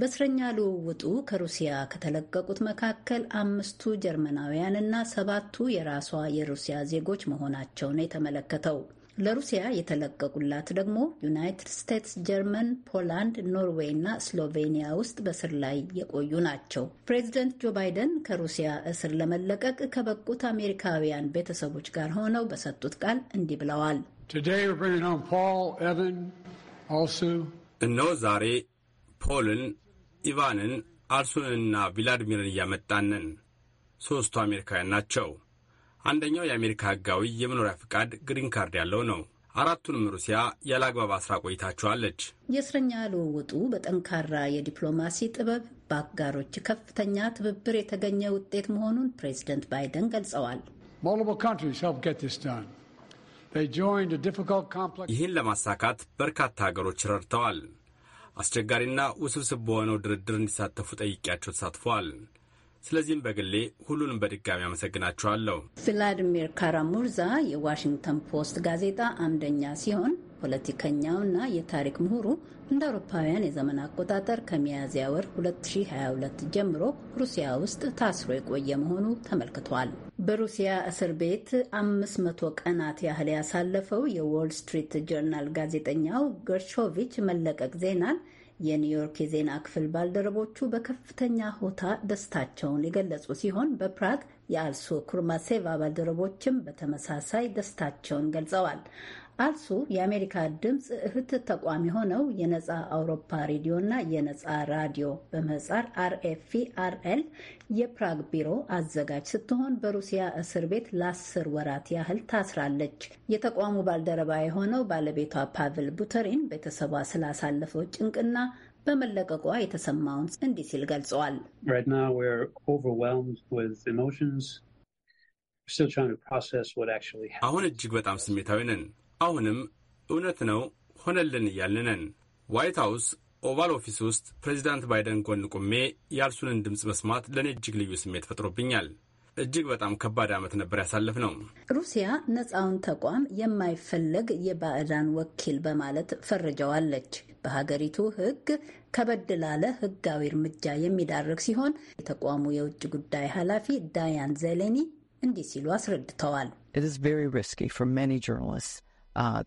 በእስረኛ ልውውጡ ከሩሲያ ከተለቀቁት መካከል አምስቱ ጀርመናውያንና ሰባቱ የራሷ የሩሲያ ዜጎች መሆናቸው የተመለከተው። ለሩሲያ የተለቀቁላት ደግሞ ዩናይትድ ስቴትስ፣ ጀርመን፣ ፖላንድ፣ ኖርዌይ እና ስሎቬኒያ ውስጥ በስር ላይ የቆዩ ናቸው። ፕሬዚደንት ጆ ባይደን ከሩሲያ እስር ለመለቀቅ ከበቁት አሜሪካውያን ቤተሰቦች ጋር ሆነው በሰጡት ቃል እንዲህ ብለዋል። እነሆ ዛሬ ፖልን፣ ኢቫንን፣ አልሱንንና ቪላዲሚርን እያመጣንን ሦስቱ አሜሪካውያን ናቸው። አንደኛው የአሜሪካ ሕጋዊ የመኖሪያ ፍቃድ ግሪን ካርድ ያለው ነው። አራቱንም ሩሲያ ያለ አግባብ አስራ ቆይታቸዋለች። የእስረኛ ልውውጡ በጠንካራ የዲፕሎማሲ ጥበብ በአጋሮች ከፍተኛ ትብብር የተገኘ ውጤት መሆኑን ፕሬዚደንት ባይደን ገልጸዋል። ይህን ለማሳካት በርካታ ሀገሮች ረድተዋል። አስቸጋሪና ውስብስብ በሆነው ድርድር እንዲሳተፉ ጠይቄያቸው ተሳትፈዋል። ስለዚህም በግሌ ሁሉንም በድጋሚ አመሰግናችኋለሁ። ቭላዲሚር ካራሙርዛ የዋሽንግተን ፖስት ጋዜጣ አምደኛ ሲሆን ፖለቲከኛውና የታሪክ ምሁሩ እንደ አውሮፓውያን የዘመን አቆጣጠር ከሚያዝያ ወር 2022 ጀምሮ ሩሲያ ውስጥ ታስሮ የቆየ መሆኑ ተመልክቷል። በሩሲያ እስር ቤት 500 ቀናት ያህል ያሳለፈው የዎል ስትሪት ጆርናል ጋዜጠኛው ገርሾቪች መለቀቅ ዜናን የኒውዮርክ የዜና ክፍል ባልደረቦቹ በከፍተኛ ሆታ ደስታቸውን የገለጹ ሲሆን በፕራግ የአልሶ ኩርማሴቫ ባልደረቦችም በተመሳሳይ ደስታቸውን ገልጸዋል። አልሱ የአሜሪካ ድምፅ እህት ተቋም የሆነው የነፃ አውሮፓ ሬዲዮ ና የነፃ ራዲዮ በምህጻር አርኤፍፒ አርኤል የፕራግ ቢሮ አዘጋጅ ስትሆን በሩሲያ እስር ቤት ለአስር ወራት ያህል ታስራለች። የተቋሙ ባልደረባ የሆነው ባለቤቷ ፓቭል ቡተሪን ቤተሰቧ ስላሳለፈው ጭንቅና በመለቀቋ የተሰማውን እንዲህ ሲል ገልጸዋል። አሁን እጅግ በጣም ስሜታዊ ነን። አሁንም እውነት ነው ሆነልን እያልን ዋይት ሀውስ ኦቫል ኦፊስ ውስጥ ፕሬዚዳንት ባይደን ጎን ቆሜ ያልሱንን ድምፅ መስማት ለእኔ እጅግ ልዩ ስሜት ፈጥሮብኛል። እጅግ በጣም ከባድ ዓመት ነበር ያሳለፍ ነው። ሩሲያ ነፃውን ተቋም የማይፈለግ የባዕዳን ወኪል በማለት ፈርጀዋለች። በሀገሪቱ ሕግ ከበድላለ ሕጋዊ እርምጃ የሚዳርግ ሲሆን የተቋሙ የውጭ ጉዳይ ኃላፊ ዳያን ዜሌኒ እንዲህ ሲሉ አስረድተዋል። Uh,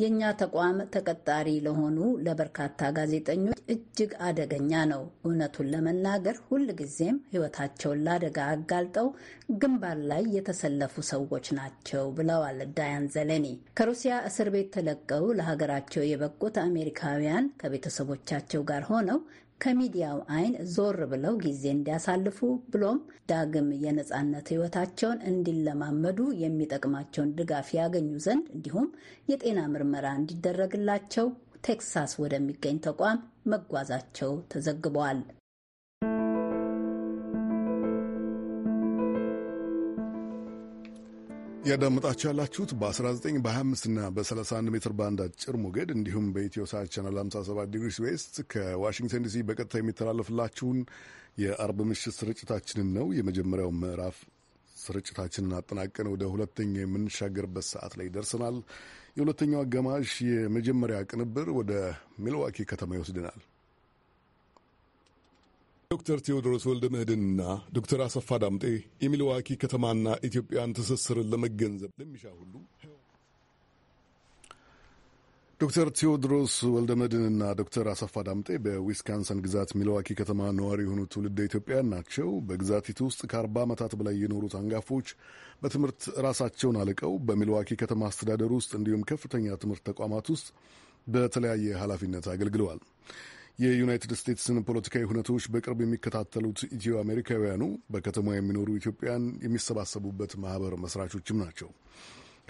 የእኛ ተቋም ተቀጣሪ ለሆኑ ለበርካታ ጋዜጠኞች እጅግ አደገኛ ነው። እውነቱን ለመናገር ሁልጊዜም ሕይወታቸውን ለአደጋ አጋልጠው ግንባር ላይ የተሰለፉ ሰዎች ናቸው ብለዋል ዳያን ዘለኒ። ከሩሲያ እስር ቤት ተለቀው ለሀገራቸው የበቁት አሜሪካውያን ከቤተሰቦቻቸው ጋር ሆነው ከሚዲያው አይን ዞር ብለው ጊዜ እንዲያሳልፉ ብሎም ዳግም የነጻነት ህይወታቸውን እንዲለማመዱ የሚጠቅማቸውን ድጋፍ ያገኙ ዘንድ እንዲሁም የጤና ምርመራ እንዲደረግላቸው ቴክሳስ ወደሚገኝ ተቋም መጓዛቸው ተዘግበዋል። ያዳመጣችሁ ያላችሁት በ19 በ25 እና በ31 ሜትር ባንድ አጭር ሞገድ እንዲሁም በኢትዮ ሳት ቻናል 57 ዲግሪ ዌስት ከዋሽንግተን ዲሲ በቀጥታ የሚተላለፍላችሁን የአርብ ምሽት ስርጭታችንን ነው። የመጀመሪያው ምዕራፍ ስርጭታችንን አጠናቀን ወደ ሁለተኛ የምንሻገርበት ሰዓት ላይ ደርሰናል። የሁለተኛው አጋማሽ የመጀመሪያ ቅንብር ወደ ሚልዋኪ ከተማ ይወስድናል። ዶክተር ቴዎድሮስ ወልደ ምህድንና ዶክተር አሰፋ ዳምጤ የሚልዋኪ ከተማና ኢትዮጵያን ትስስርን ለመገንዘብ ለሚሻ ሁሉ ዶክተር ቴዎድሮስ ወልደ መድንና ዶክተር አሰፋ ዳምጤ በዊስካንሰን ግዛት ሚልዋኪ ከተማ ነዋሪ የሆኑ ትውልደ ኢትዮጵያን ናቸው። በግዛቲቱ ውስጥ ከአርባ ዓመታት በላይ የኖሩት አንጋፎች በትምህርት ራሳቸውን አልቀው በሚልዋኪ ከተማ አስተዳደር ውስጥ እንዲሁም ከፍተኛ ትምህርት ተቋማት ውስጥ በተለያየ ኃላፊነት አገልግለዋል። የዩናይትድ ስቴትስን ፖለቲካዊ ሁነቶች በቅርብ የሚከታተሉት ኢትዮ አሜሪካውያኑ በከተማ የሚኖሩ ኢትዮጵያን የሚሰባሰቡበት ማህበር መስራቾችም ናቸው።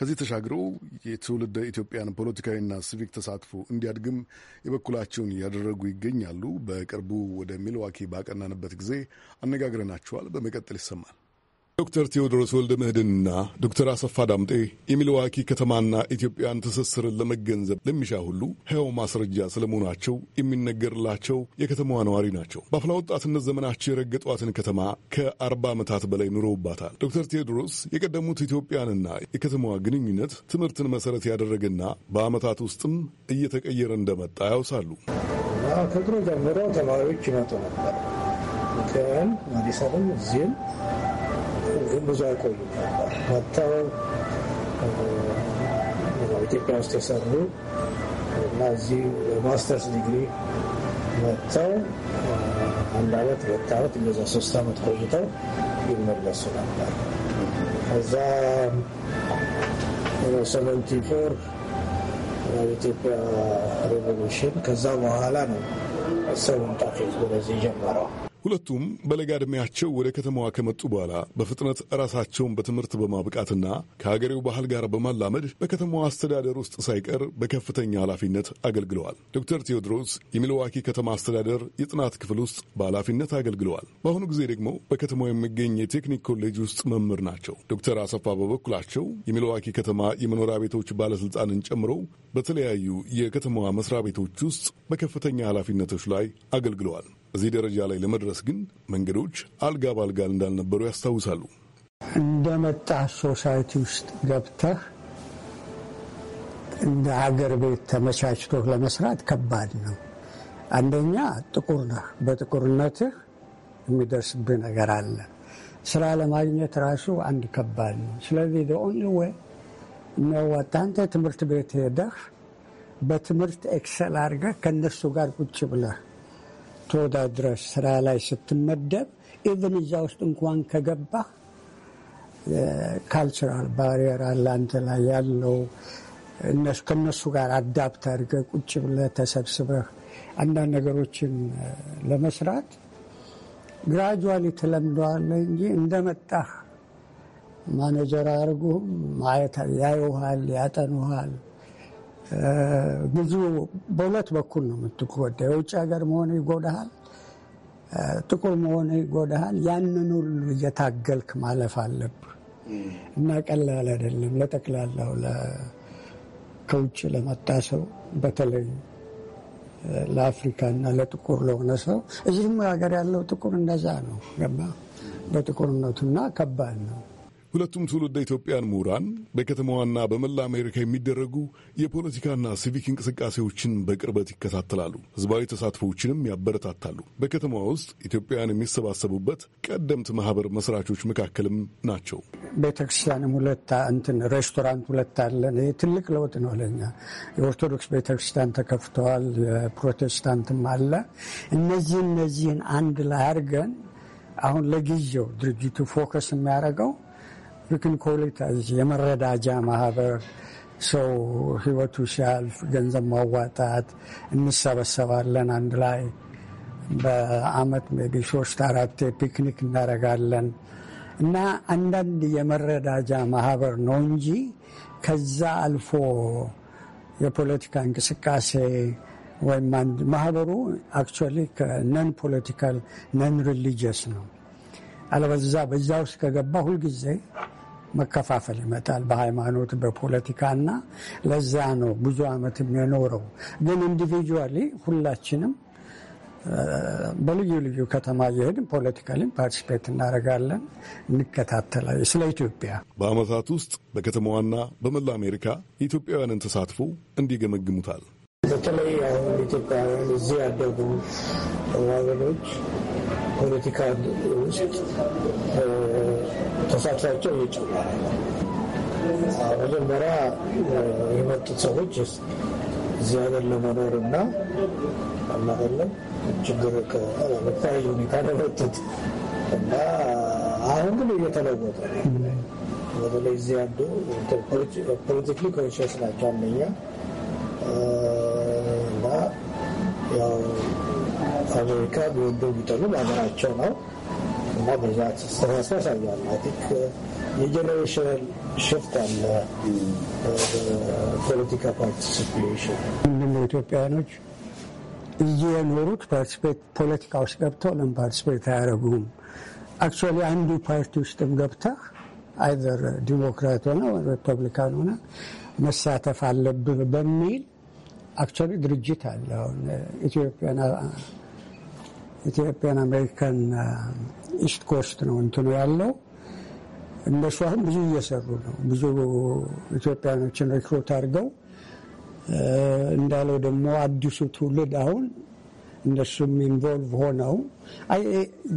ከዚህ ተሻግረው የትውልደ ኢትዮጵያን ፖለቲካዊና ሲቪክ ተሳትፎ እንዲያድግም የበኩላቸውን እያደረጉ ይገኛሉ። በቅርቡ ወደ ሚልዋኪ ባቀናንበት ጊዜ አነጋግረናቸዋል። በመቀጠል ይሰማል። ዶክተር ቴዎድሮስ ወልደ ምህድንና ዶክተር አሰፋ ዳምጤ የሚልዋኪ ከተማና ኢትዮጵያን ትስስርን ለመገንዘብ ለሚሻ ሁሉ ሕያው ማስረጃ ስለመሆናቸው የሚነገርላቸው የከተማዋ ነዋሪ ናቸው። በአፍላ ወጣትነት ዘመናቸው የረገጧትን ከተማ ከአርባ ዓመታት በላይ ኑረውባታል። ዶክተር ቴዎድሮስ የቀደሙት ኢትዮጵያንና የከተማዋ ግንኙነት ትምህርትን መሰረት ያደረገና በዓመታት ውስጥም እየተቀየረ እንደመጣ ያውሳሉ። ከድሮ ጀምሮ ተማሪዎች ይመጡ ነበር። አዲስ አበባ እዚህም ግን ብዙ አይቆዩም። መጥተው ኢትዮጵያ ውስጥ የሰሩ እና እዚህ በማስተርስ ዲግሪ መጥተው አንድ አመት ሁለት አመት እንደዛ ሶስት አመት ቆይተው ይመለሱ ነበር። ከዛ ሰቨንቲ ፎር የኢትዮጵያ ሬቮሉሽን ከዛ በኋላ ነው ሰው መምጣት ወደዚህ የጀመረው። ሁለቱም በለጋ ዕድሜያቸው ወደ ከተማዋ ከመጡ በኋላ በፍጥነት ራሳቸውን በትምህርት በማብቃትና ከሀገሬው ባህል ጋር በማላመድ በከተማዋ አስተዳደር ውስጥ ሳይቀር በከፍተኛ ኃላፊነት አገልግለዋል። ዶክተር ቴዎድሮስ የሚልዋኪ ከተማ አስተዳደር የጥናት ክፍል ውስጥ በኃላፊነት አገልግለዋል። በአሁኑ ጊዜ ደግሞ በከተማው የሚገኝ የቴክኒክ ኮሌጅ ውስጥ መምህር ናቸው። ዶክተር አሰፋ በበኩላቸው የሚልዋኪ ከተማ የመኖሪያ ቤቶች ባለስልጣንን ጨምሮ በተለያዩ የከተማዋ መስሪያ ቤቶች ውስጥ በከፍተኛ ኃላፊነቶች ላይ አገልግለዋል። እዚህ ደረጃ ላይ ለመድረስ ግን መንገዶች አልጋ ባልጋ እንዳልነበሩ ያስታውሳሉ። እንደመጣ ሶሳይቲ ውስጥ ገብተህ እንደ ሀገር ቤት ተመቻችቶ ለመስራት ከባድ ነው። አንደኛ ጥቁር ነህ። በጥቁርነትህ የሚደርስብህ ነገር አለ። ስራ ለማግኘት ራሱ አንድ ከባድ ነው። ስለዚህ ኦንሊ ወይ ነዋት አንተ ትምህርት ቤት ሄደህ በትምህርት ኤክሰል አድርገህ ከእነሱ ጋር ቁጭ ብለህ ተወዳድረህ ስራ ላይ ስትመደብ ኢቨን እዛ ውስጥ እንኳን ከገባህ ካልቸራል ባሪየር አለ አንተ ላይ ያለው ከእነሱ ጋር አዳፕት አድርገህ ቁጭ ብለህ ተሰብስበህ አንዳንድ ነገሮችን ለመስራት ግራጁዋሊ ትለምደዋለህ እንጂ እንደመጣህ ማኔጀር አድርጎህም ማየት ያዩሃል፣ ያጠኑሃል። ብዙ በሁለት በኩል ነው የምትጎዳ። የውጭ ሀገር መሆን ይጎዳሃል፣ ጥቁር መሆን ይጎዳሃል። ያንን ሁሉ እየታገልክ ማለፍ አለብ እና ቀላል አይደለም። ለጠቅላላው ከውጭ ለመጣ ሰው በተለይ ለአፍሪካ እና ለጥቁር ለሆነ ሰው እዚህም ሀገር ያለው ጥቁር እንደዛ ነው ገባ በጥቁርነቱና ከባድ ነው። ሁለቱም ትውልደ ኢትዮጵያን ምሁራን በከተማዋና በመላ አሜሪካ የሚደረጉ የፖለቲካና ሲቪክ እንቅስቃሴዎችን በቅርበት ይከታተላሉ፣ ህዝባዊ ተሳትፎዎችንም ያበረታታሉ። በከተማዋ ውስጥ ኢትዮጵያን የሚሰባሰቡበት ቀደምት ማህበር መስራቾች መካከልም ናቸው። ቤተክርስቲያንም ሁለት እንትን ሬስቶራንት ሁለት አለን። ይህ ትልቅ ለውጥ ነው ለኛ። የኦርቶዶክስ ቤተክርስቲያን ተከፍተዋል፣ የፕሮቴስታንትም አለ። እነዚህ እነዚህን አንድ ላይ አድርገን አሁን ለጊዜው ድርጅቱ ፎከስ የሚያደርገው የመረዳጃ ማህበር ሰው ህይወቱ ሲያልፍ ገንዘብ ማዋጣት እንሰበሰባለን። አንድ ላይ በአመት ቢ ሶስት አራት ፒክኒክ እናደርጋለን እና አንዳንድ የመረዳጃ ማህበር ነው እንጂ ከዛ አልፎ የፖለቲካ እንቅስቃሴ ወይም አንድ ማህበሩ አክቹዋሊ ከነን ፖለቲካል ነን ሪሊጂየስ ነው። አለበዛ በዛ ውስጥ ከገባ ሁልጊዜ መከፋፈል ይመጣል በሃይማኖት በፖለቲካና ለዛ ነው ብዙ ዓመት የኖረው። ግን ኢንዲቪጁዋሊ ሁላችንም በልዩ ልዩ ከተማ እየሄድን ፖለቲካሊ ፓርቲስፔት እናደርጋለን፣ እንከታተላለን። ስለ ኢትዮጵያ በአመታት ውስጥ በከተማዋና በመላ አሜሪካ የኢትዮጵያውያንን ተሳትፎ እንዲገመግሙታል። በተለይ አሁን ኢትዮጵያውያን እዚህ ያደጉ ወገኖች ፖለቲካ ውስጥ ከሳቻቸው ውጭ መጀመሪያ የመጡት ሰዎች እዚህ ሀገር ለመኖር እና ችግር ሁኔታ እና አሁን ግን እየተለወጠ በተለይ እዚህ ያሉ ፖለቲካሊ ኮንሽስ ናቸው አንደኛ እና ያው አሜሪካ ቢወዱ ሀገራቸው ነው እና በብዛት ተሳሳ ያሳያል። አይ ቲንክ የጀኔሬሽናል ሽፍት አለ። ፖለቲካ ፓርቲሲፔሽን ምንድነው ኢትዮጵያውያኖች እየኖሩት ፓርቲስፔት ፖለቲካ ውስጥ ገብተው ለም ፓርቲስፔት አያደረጉም። አክቹዋሊ አንዱ ፓርቲ ውስጥም ገብተህ አይዘር ዲሞክራት ሆነ ሪፐብሊካን ሆነ መሳተፍ አለብህ በሚል አክቹዋሊ ድርጅት አለ አሁን ኢትዮጵያን አሜሪካን ኢስት ኮስት ነው እንትኑ ያለው። እነሱ አሁን ብዙ እየሰሩ ነው። ብዙ ኢትዮጵያኖችን ሪክሩት አድርገው እንዳለው ደግሞ አዲሱ ትውልድ አሁን እነሱም ኢንቮልቭ ሆነው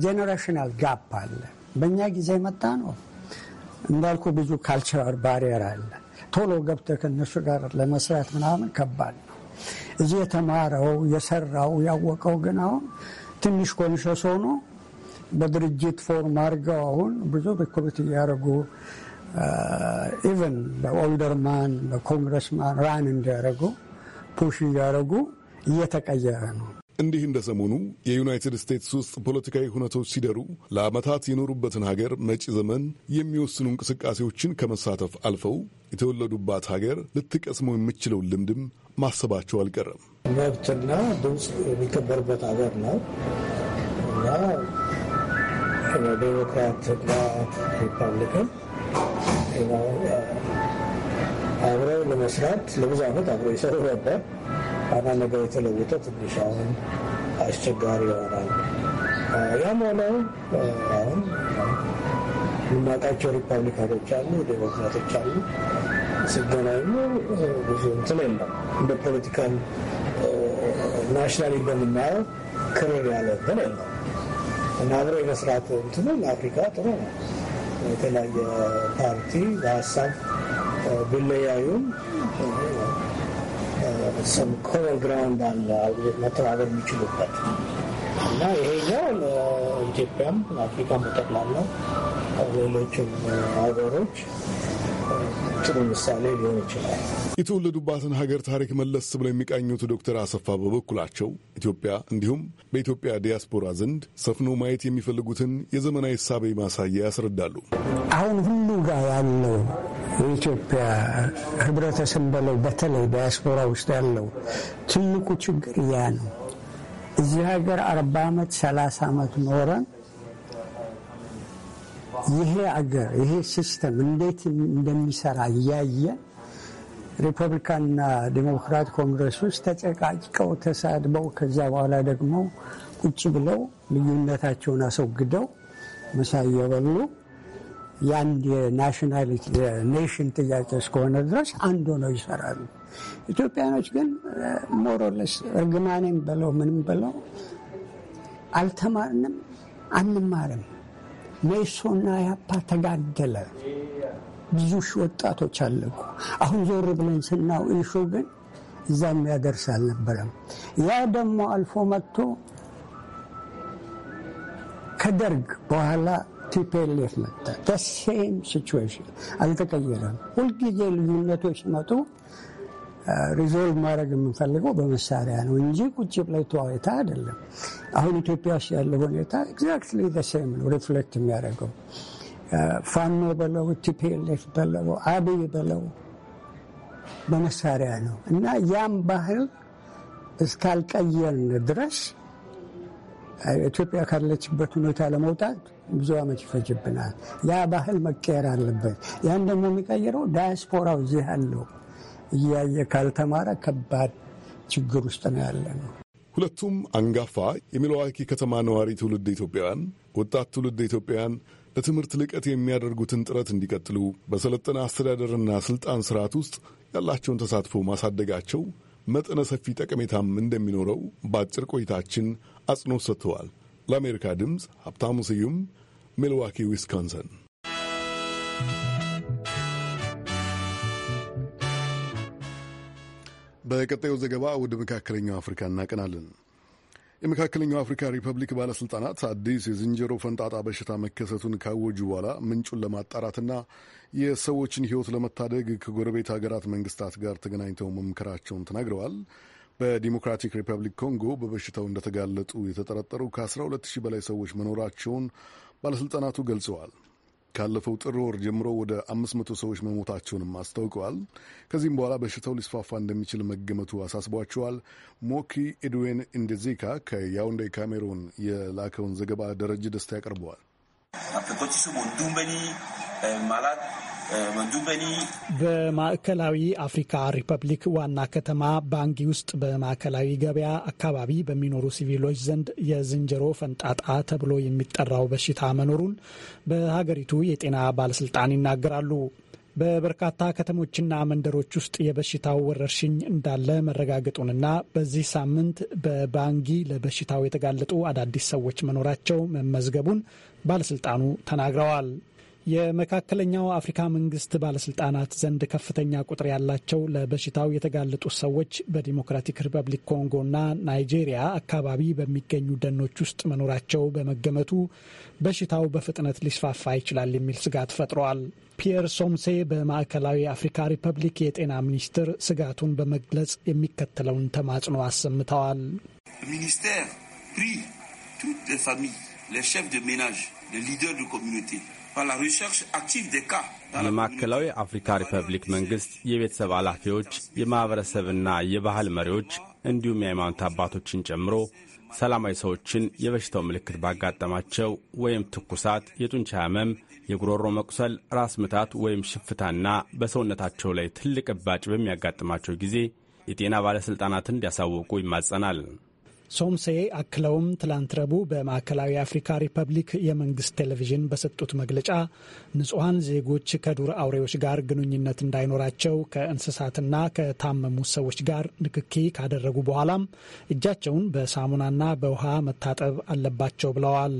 ጄኔሬሽናል ጋፕ አለ። በእኛ ጊዜ መጣ ነው እንዳልኩ ብዙ ካልቸራል ባሪየር አለ። ቶሎ ገብተህ ከእነሱ ጋር ለመስራት ምናምን ከባድ ነው። እዚህ የተማረው የሰራው ያወቀው ግን አሁን ትንሽ ኮንሸስ ሆኖ በድርጅት ፎርም አድርገው አሁን ብዙ ሪክሩት እያደረጉ ኢቨን በኦልደርማን በኮንግረስማን ራን እንዲያደረጉ ፑሽ እያደረጉ እየተቀየረ ነው። እንዲህ እንደ ሰሞኑ የዩናይትድ ስቴትስ ውስጥ ፖለቲካዊ ሁነቶች ሲደሩ ለዓመታት የኖሩበትን ሀገር መጪ ዘመን የሚወስኑ እንቅስቃሴዎችን ከመሳተፍ አልፈው የተወለዱባት ሀገር ልትቀስመው የምችለው ልምድም ማሰባቸው አልቀረም። መብትና ድምፅ የሚከበርበት ሀገር ነው። ለዴሞክራትና ሪፐብሊካን አብረው ለመስራት ለብዙ ዓመት አብረው ይሰሩ ነበር። አና ነገር የተለወጠ ትንሽ አሁን አስቸጋሪ ይሆናል። ያም ሆነው አሁን የምናውቃቸው ሪፐብሊካኖች አሉ፣ ዴሞክራቶች አሉ። ስገናኙ ብዙ እንትን የለም እንደ ፖለቲካል ናሽናሊ በምናየው ክርር ያለ እንትን የለም። እና አብሮ የመስራት እንትኑ ለአፍሪካ ጥሩ ነው። የተለያየ ፓርቲ በሀሳብ ቢለያዩም ሰም ኮመን ግራውንድ አለ አብሮት መተባበር የሚችሉበት እና ይሄኛው ለኢትዮጵያም ለአፍሪካም በጠቅላላ ሌሎችም ሀገሮች ጥሩ ምሳሌ ሊሆን ይችላል። የተወለዱባትን ሀገር ታሪክ መለስ ብለው የሚቃኙት ዶክተር አሰፋ በበኩላቸው ኢትዮጵያ እንዲሁም በኢትዮጵያ ዲያስፖራ ዘንድ ሰፍኖ ማየት የሚፈልጉትን የዘመናዊ እሳቤ ማሳያ ያስረዳሉ። አሁን ሁሉ ጋር ያለው የኢትዮጵያ ህብረተሰብ በለው በተለይ ዲያስፖራ ውስጥ ያለው ትልቁ ችግር ያ ነው። እዚህ ሀገር አርባ ዓመት ሰላሳ ዓመት ኖረን ይሄ አገር ይሄ ሲስተም እንዴት እንደሚሰራ እያየ ሪፐብሊካንና ዲሞክራት ኮንግረስ ውስጥ ተጨቃጭቀው ተሳድበው ከዛ በኋላ ደግሞ ቁጭ ብለው ልዩነታቸውን አስወግደው ምሳ እየበሉ የአንድ የናሽናሊቲ የኔሽን ጥያቄ እስከሆነ ድረስ አንዱ ነው ይሰራሉ። ኢትዮጵያኖች ግን ሞሮለስ እርግማኔም በለው ምንም በለው አልተማርንም፣ አንማርም። ሜሶና ያፓ ተጋደለ። ብዙ ሺህ ወጣቶች አለቁ። አሁን ዞር ብለን ስናው ኢሾ ግን እዛም ያደርስ አልነበረም። ያ ደግሞ አልፎ መጥቶ ከደርግ በኋላ ቲፒኤልኤፍ መጣ። ደሴም ሲቹዌሽን አልተቀየረም። ሁልጊዜ ልዩነቶች መጡ። ሪዞልቭ ማድረግ የምንፈልገው በመሳሪያ ነው እንጂ ቁጭ ብለህ ተዋይታ አይደለም። አሁን ኢትዮጵያ ውስጥ ያለው ሁኔታ ኤግዛክትሊ ዘሴም ነው ሪፍሌክት የሚያደርገው ፋኖ በለው ቲፒኤልኤፍ በለው አብይ በለው በመሳሪያ ነው እና ያም ባህል እስካልቀየርን ድረስ ኢትዮጵያ ካለችበት ሁኔታ ለመውጣት ብዙ ዓመት ይፈጅብናል። ያ ባህል መቀየር አለበት። ያን ደግሞ የሚቀይረው ዳያስፖራው እዚህ አለው እያየ ካልተማረ ከባድ ችግር ውስጥ ነው ያለ ነው። ሁለቱም አንጋፋ የሚልዋኪ ከተማ ነዋሪ ትውልድ ኢትዮጵያውያን ወጣት ትውልድ ኢትዮጵያውያን ለትምህርት ልቀት የሚያደርጉትን ጥረት እንዲቀጥሉ በሰለጠነ አስተዳደርና ስልጣን ስርዓት ውስጥ ያላቸውን ተሳትፎ ማሳደጋቸው መጠነ ሰፊ ጠቀሜታም እንደሚኖረው በአጭር ቆይታችን አጽንኦት ሰጥተዋል። ለአሜሪካ ድምፅ ሀብታሙ ስዩም ሚልዋኪ ዊስኮንሰን በቀጣዩ ዘገባ ወደ መካከለኛው አፍሪካ እናቀናለን። የመካከለኛው አፍሪካ ሪፐብሊክ ባለስልጣናት አዲስ የዝንጀሮ ፈንጣጣ በሽታ መከሰቱን ካወጁ በኋላ ምንጩን ለማጣራትና የሰዎችን ሕይወት ለመታደግ ከጎረቤት ሀገራት መንግስታት ጋር ተገናኝተው መምከራቸውን ተናግረዋል። በዲሞክራቲክ ሪፐብሊክ ኮንጎ በበሽታው እንደተጋለጡ የተጠረጠሩ ከ12000 በላይ ሰዎች መኖራቸውን ባለስልጣናቱ ገልጸዋል። ካለፈው ጥር ወር ጀምሮ ወደ 500 ሰዎች መሞታቸውንም አስታውቀዋል። ከዚህም በኋላ በሽታው ሊስፋፋ እንደሚችል መገመቱ አሳስቧቸዋል። ሞኪ ኤድዌን ኢንዴዚካ ከያውንዴ ካሜሮን የላከውን ዘገባ ደረጀ ደስታ ያቀርበዋል። በማዕከላዊ አፍሪካ ሪፐብሊክ ዋና ከተማ ባንጊ ውስጥ በማዕከላዊ ገበያ አካባቢ በሚኖሩ ሲቪሎች ዘንድ የዝንጀሮ ፈንጣጣ ተብሎ የሚጠራው በሽታ መኖሩን በሀገሪቱ የጤና ባለስልጣን ይናገራሉ። በበርካታ ከተሞችና መንደሮች ውስጥ የበሽታው ወረርሽኝ እንዳለ መረጋገጡንና በዚህ ሳምንት በባንጊ ለበሽታው የተጋለጡ አዳዲስ ሰዎች መኖራቸው መመዝገቡን ባለስልጣኑ ተናግረዋል። የመካከለኛው አፍሪካ መንግስት ባለስልጣናት ዘንድ ከፍተኛ ቁጥር ያላቸው ለበሽታው የተጋለጡ ሰዎች በዲሞክራቲክ ሪፐብሊክ ኮንጎ እና ናይጄሪያ አካባቢ በሚገኙ ደኖች ውስጥ መኖራቸው በመገመቱ በሽታው በፍጥነት ሊስፋፋ ይችላል የሚል ስጋት ፈጥረዋል። ፒየር ሶምሴ በማዕከላዊ አፍሪካ ሪፐብሊክ የጤና ሚኒስትር ስጋቱን በመግለጽ የሚከተለውን ተማጽኖ አሰምተዋል። ሚኒስቴር ፕሪ ቱት ፋሚ ሌ ደ ሜናጅ ሊደር ደ ኮሚኒቴ የማዕከላዊ አፍሪካ ሪፐብሊክ መንግስት የቤተሰብ ኃላፊዎች፣ የማኅበረሰብና የባህል መሪዎች እንዲሁም የሃይማኖት አባቶችን ጨምሮ ሰላማዊ ሰዎችን የበሽታው ምልክት ባጋጠማቸው ወይም ትኩሳት፣ የጡንቻ ህመም፣ የጉሮሮ መቁሰል፣ ራስ ምታት ወይም ሽፍታና በሰውነታቸው ላይ ትልቅ እባጭ በሚያጋጥማቸው ጊዜ የጤና ባለሥልጣናትን እንዲያሳውቁ ይማጸናል። ሶምሴ አክለውም ትላንት ረቡዕ በማዕከላዊ አፍሪካ ሪፐብሊክ የመንግስት ቴሌቪዥን በሰጡት መግለጫ ንጹሐን ዜጎች ከዱር አውሬዎች ጋር ግንኙነት እንዳይኖራቸው ከእንስሳትና ከታመሙ ሰዎች ጋር ንክኪ ካደረጉ በኋላም እጃቸውን በሳሙናና በውሃ መታጠብ አለባቸው ብለዋል።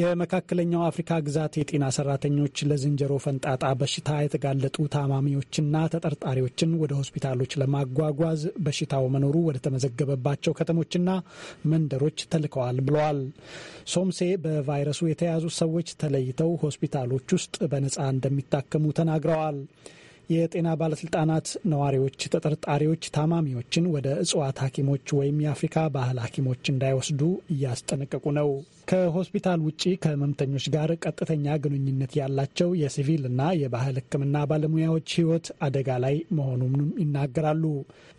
የመካከለኛው አፍሪካ ግዛት የጤና ሰራተኞች ለዝንጀሮ ፈንጣጣ በሽታ የተጋለጡ ታማሚዎችና ተጠርጣሪዎችን ወደ ሆስፒታሎች ለማጓጓዝ በሽታው መኖሩ ወደ ተመዘገበባቸው ከተሞችና መንደሮች ተልከዋል ብለዋል። ሶምሴ በቫይረሱ የተያዙ ሰዎች ተለይተው ሆስፒታሎች ውስጥ በነጻ እንደሚታከሙ ተናግረዋል። የጤና ባለስልጣናት ነዋሪዎች ተጠርጣሪዎች ታማሚዎችን ወደ እጽዋት ሐኪሞች ወይም የአፍሪካ ባህል ሐኪሞች እንዳይወስዱ እያስጠነቀቁ ነው። ከሆስፒታል ውጪ ከህመምተኞች ጋር ቀጥተኛ ግንኙነት ያላቸው የሲቪል እና የባህል ሕክምና ባለሙያዎች ህይወት አደጋ ላይ መሆኑንም ይናገራሉ።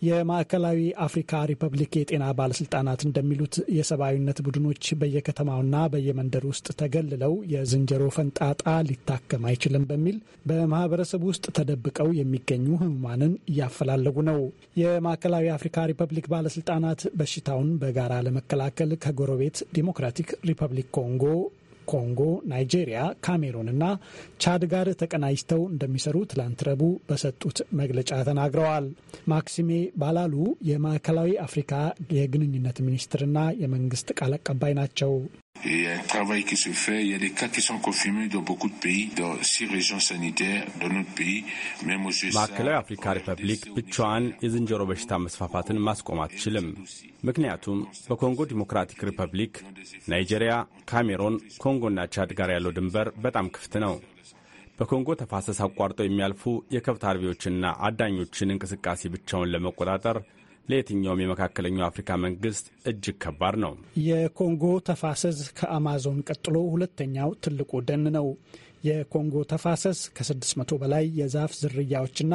የማዕከላዊ አፍሪካ ሪፐብሊክ የጤና ባለስልጣናት እንደሚሉት የሰብአዊነት ቡድኖች በየከተማውና በየመንደር ውስጥ ተገልለው የዝንጀሮ ፈንጣጣ ሊታከም አይችልም በሚል በማህበረሰብ ውስጥ ተደብቀው የሚገኙ ህሙማንን እያፈላለጉ ነው። የማዕከላዊ አፍሪካ ሪፐብሊክ ባለስልጣናት በሽታውን በጋራ ለመከላከል ከጎረቤት ዲሞክራቲክ ሪፐብሊክ ኮንጎ ኮንጎ፣ ናይጄሪያ፣ ካሜሩን እና ቻድ ጋር ተቀናጅተው እንደሚሰሩ ትላንት ረቡዕ በሰጡት መግለጫ ተናግረዋል። ማክሲሜ ባላሉ የማዕከላዊ አፍሪካ የግንኙነት ሚኒስትርና የመንግስት ቃል አቀባይ ናቸው። Il y a un travail qui se fait, il y a des cas qui sont confirmés dans beaucoup de pays, dans six régions sanitaires de notre pays. ማዕከላዊ አፍሪካ ሪፐብሊክ ብቻዋን የዝንጀሮ በሽታ መስፋፋትን ማስቆም አትችልም። ምክንያቱም በኮንጎ ዲሞክራቲክ ሪፐብሊክ፣ ናይጄሪያ፣ ካሜሮን፣ ኮንጎና ቻድ ጋር ያለው ድንበር በጣም ክፍት ነው። በኮንጎ ተፋሰስ አቋርጠው የሚያልፉ የከብት አርቢዎችና አዳኞችን እንቅስቃሴ ብቻውን ለመቆጣጠር ለየትኛውም የመካከለኛው አፍሪካ መንግስት እጅግ ከባድ ነው። የኮንጎ ተፋሰስ ከአማዞን ቀጥሎ ሁለተኛው ትልቁ ደን ነው። የኮንጎ ተፋሰስ ከ600 በላይ የዛፍ ዝርያዎችና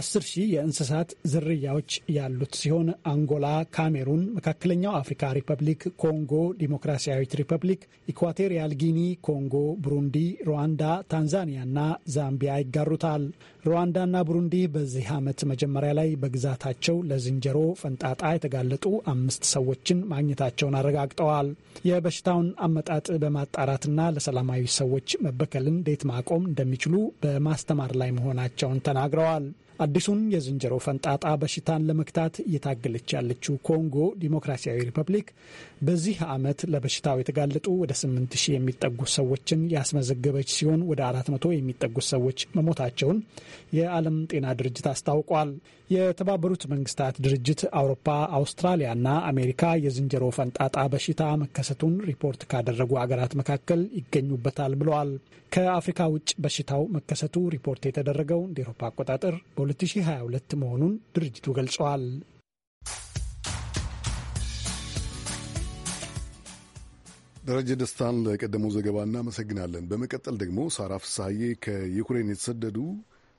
10 ሺህ የእንስሳት ዝርያዎች ያሉት ሲሆን አንጎላ፣ ካሜሩን፣ መካከለኛው አፍሪካ ሪፐብሊክ፣ ኮንጎ ዲሞክራሲያዊት ሪፐብሊክ፣ ኢኳቶሪያል ጊኒ፣ ኮንጎ፣ ቡሩንዲ፣ ሩዋንዳ፣ ታንዛኒያና ዛምቢያ ይጋሩታል። ሩዋንዳና ቡሩንዲ በዚህ ዓመት መጀመሪያ ላይ በግዛታቸው ለዝንጀሮ ፈንጣጣ የተጋለጡ አምስት ሰዎችን ማግኘታቸውን አረጋግጠዋል። የበሽታውን አመጣጥ በማጣራትና ለሰላማዊ ሰዎች መበከልን እንዴት ማቆም እንደሚችሉ በማስተማር ላይ መሆናቸውን ተናግረዋል። አዲሱን የዝንጀሮ ፈንጣጣ በሽታን ለመግታት እየታገለች ያለችው ኮንጎ ዲሞክራሲያዊ ሪፐብሊክ በዚህ ዓመት ለበሽታው የተጋለጡ ወደ 8 ሺህ የሚጠጉ ሰዎችን ያስመዘገበች ሲሆን ወደ 400 የሚጠጉ ሰዎች መሞታቸውን የዓለም ጤና ድርጅት አስታውቋል። የተባበሩት መንግስታት ድርጅት አውሮፓ፣ አውስትራሊያ እና አሜሪካ የዝንጀሮ ፈንጣጣ በሽታ መከሰቱን ሪፖርት ካደረጉ አገራት መካከል ይገኙበታል ብለዋል። ከአፍሪካ ውጭ በሽታው መከሰቱ ሪፖርት የተደረገው እንደ ኤሮፓ አቆጣጠር በ2022 መሆኑን ድርጅቱ ገልጸዋል። ደረጀ ደስታን ለቀደመው ዘገባ እናመሰግናለን። በመቀጠል ደግሞ ሳራ ፍሳሐዬ ከዩክሬን የተሰደዱ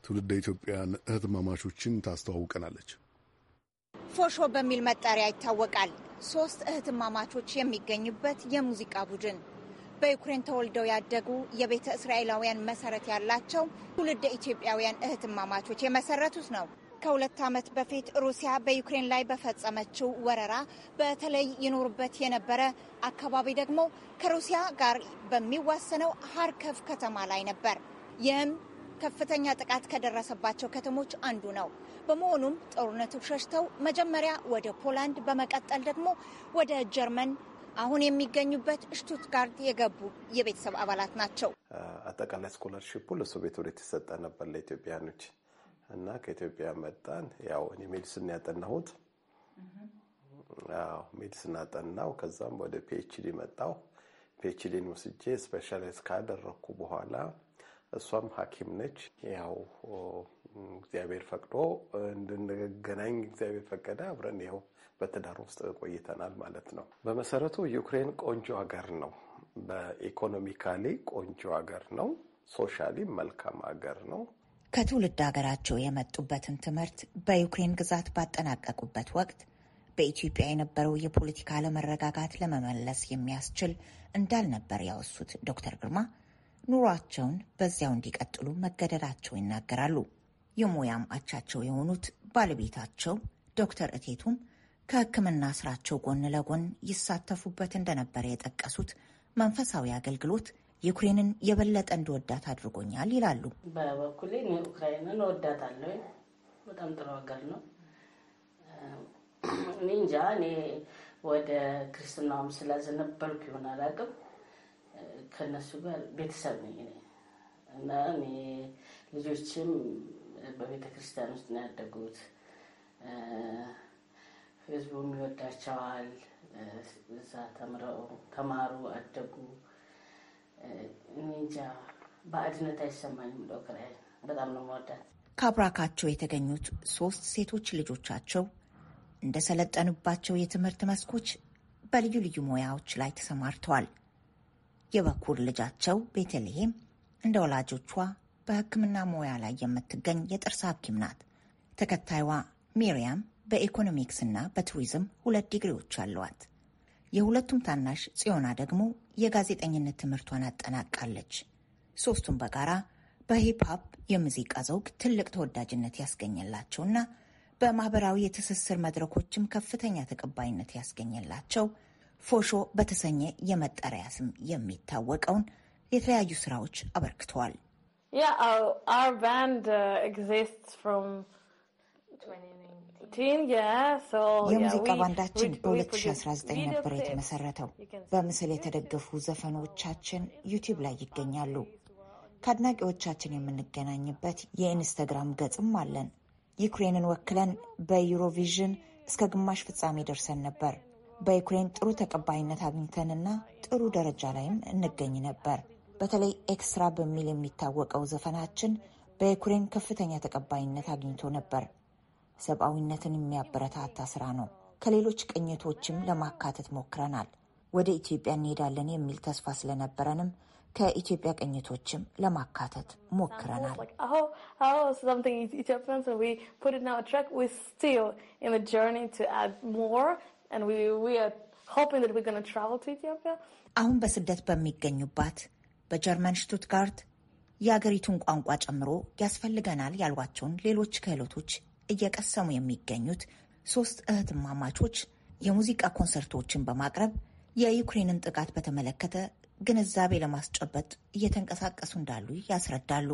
ትውልደ ኢትዮጵያን እህትማማቾችን ታስተዋውቀናለች። ፎሾ በሚል መጠሪያ ይታወቃል። ሶስት እህትማማቾች የሚገኙበት የሙዚቃ ቡድን በዩክሬን ተወልደው ያደጉ የቤተ እስራኤላውያን መሰረት ያላቸው ትውልደ ኢትዮጵያውያን እህትማማቾች የመሰረቱት ነው። ከሁለት ዓመት በፊት ሩሲያ በዩክሬን ላይ በፈጸመችው ወረራ በተለይ ይኖሩበት የነበረ አካባቢ ደግሞ ከሩሲያ ጋር በሚዋሰነው ሀርከፍ ከተማ ላይ ነበር። ይህም ከፍተኛ ጥቃት ከደረሰባቸው ከተሞች አንዱ ነው። በመሆኑም ጦርነቱ ሸሽተው መጀመሪያ ወደ ፖላንድ በመቀጠል ደግሞ ወደ ጀርመን አሁን የሚገኙበት ሽቱትጋርድ የገቡ የቤተሰብ አባላት ናቸው። አጠቃላይ ስኮላርሽፑ ለሶቪየት ወደ የተሰጠ ነበር ለኢትዮጵያኖች እና ከኢትዮጵያ መጣን። ያው እኔ ሜዲስን ያጠናሁት ሜዲስን አጠናው። ከዛም ወደ ፒኤችዲ መጣው። ፒኤችዲን ወስጄ ስፔሻላይዝ ካደረግኩ በኋላ እሷም ሐኪም ነች። ያው እግዚአብሔር ፈቅዶ እንድንገናኝ እግዚአብሔር ፈቀደ። አብረን ይኸው በትዳር ውስጥ ቆይተናል ማለት ነው። በመሰረቱ ዩክሬን ቆንጆ ሀገር ነው። በኢኮኖሚካሊ ቆንጆ ሀገር ነው። ሶሻሊ መልካም ሀገር ነው። ከትውልድ ሀገራቸው የመጡበትን ትምህርት በዩክሬን ግዛት ባጠናቀቁበት ወቅት በኢትዮጵያ የነበረው የፖለቲካ አለመረጋጋት ለመመለስ የሚያስችል እንዳልነበር ያወሱት ዶክተር ግርማ ኑሯቸውን በዚያው እንዲቀጥሉ መገደዳቸው ይናገራሉ። የሙያም አቻቸው የሆኑት ባለቤታቸው ዶክተር እቴቱም ከሕክምና ስራቸው ጎን ለጎን ይሳተፉበት እንደነበረ የጠቀሱት መንፈሳዊ አገልግሎት ዩክሬንን የበለጠ እንድወዳት አድርጎኛል ይላሉ። በበኩሌ እኔ ዩክራይንን እወዳታለሁ። በጣም ጥሩ ሀገር ነው። እኔ እንጃ እኔ ወደ ክርስትናውም ስላዘነበልኩ ይሆን አላውቅም ከነሱ ጋር ቤተሰብ ነኝ እና እኔ ልጆችም በቤተ ክርስቲያን ውስጥ ነው ያደጉት። ህዝቡም ይወዳቸዋል። እዛ ተምረው ተማሩ፣ አደጉ። እኔ እንጃ ባዕድነት አይሰማኝም። ዶክራይ በጣም ነው መወዳት። ከአብራካቸው የተገኙት ሶስት ሴቶች ልጆቻቸው እንደሰለጠኑባቸው የትምህርት መስኮች በልዩ ልዩ ሙያዎች ላይ ተሰማርተዋል። የበኩር ልጃቸው ቤተልሔም እንደ ወላጆቿ በሕክምና ሙያ ላይ የምትገኝ የጥርስ ሐኪም ናት። ተከታይዋ ሚሪያም በኢኮኖሚክስ እና በቱሪዝም ሁለት ዲግሪዎች አለዋት። የሁለቱም ታናሽ ጽዮና ደግሞ የጋዜጠኝነት ትምህርቷን አጠናቃለች። ሶስቱም በጋራ በሂፕሀፕ የሙዚቃ ዘውግ ትልቅ ተወዳጅነት ያስገኘላቸውና በማህበራዊ የትስስር መድረኮችም ከፍተኛ ተቀባይነት ያስገኘላቸው ፎሾ በተሰኘ የመጠሪያ ስም የሚታወቀውን የተለያዩ ስራዎች አበርክተዋል። uh, የሙዚቃ ባንዳችን በ2019 ነበር የተመሰረተው። በምስል የተደገፉ ዘፈኖቻችን ዩቲዩብ ላይ ይገኛሉ። ከአድናቂዎቻችን የምንገናኝበት የኢንስተግራም ገጽም አለን። ዩክሬንን ወክለን በዩሮቪዥን እስከ ግማሽ ፍጻሜ ደርሰን ነበር። በዩክሬን ጥሩ ተቀባይነት አግኝተንና ጥሩ ደረጃ ላይም እንገኝ ነበር። በተለይ ኤክስትራ በሚል የሚታወቀው ዘፈናችን በዩክሬን ከፍተኛ ተቀባይነት አግኝቶ ነበር። ሰብአዊነትን የሚያበረታታ ስራ ነው። ከሌሎች ቅኝቶችም ለማካተት ሞክረናል። ወደ ኢትዮጵያ እንሄዳለን የሚል ተስፋ ስለነበረንም ከኢትዮጵያ ቅኝቶችም ለማካተት ሞክረናል። oh, oh, አሁን በስደት በሚገኙባት በጀርመን ሽቱትጋርት የአገሪቱን ቋንቋ ጨምሮ ያስፈልገናል ያሏቸውን ሌሎች ክህሎቶች እየቀሰሙ የሚገኙት ሶስት እህትማማቾች የሙዚቃ ኮንሰርቶችን በማቅረብ የዩክሬንን ጥቃት በተመለከተ ግንዛቤ ለማስጨበጥ እየተንቀሳቀሱ እንዳሉ ያስረዳሉ።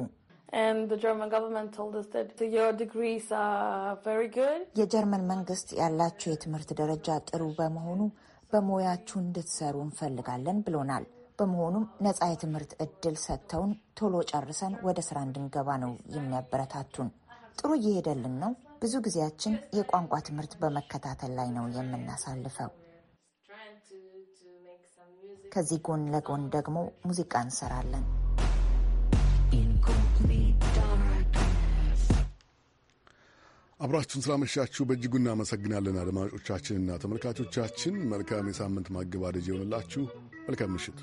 የጀርመን መንግስት ያላችሁ የትምህርት ደረጃ ጥሩ በመሆኑ በሙያችሁ እንድትሰሩ እንፈልጋለን ብሎናል። በመሆኑም ነፃ የትምህርት እድል ሰጥተውን ቶሎ ጨርሰን ወደ ስራ እንድንገባ ነው የሚያበረታቱን። ጥሩ እየሄደልን ነው። ብዙ ጊዜያችን የቋንቋ ትምህርት በመከታተል ላይ ነው የምናሳልፈው። ከዚህ ጎን ለጎን ደግሞ ሙዚቃ እንሰራለን። አብራችሁን ስላመሻችሁ በእጅጉ እናመሰግናለን። አድማጮቻችንና ተመልካቾቻችን መልካም የሳምንት ማገባደጅ ይሆንላችሁ። መልካም ምሽት።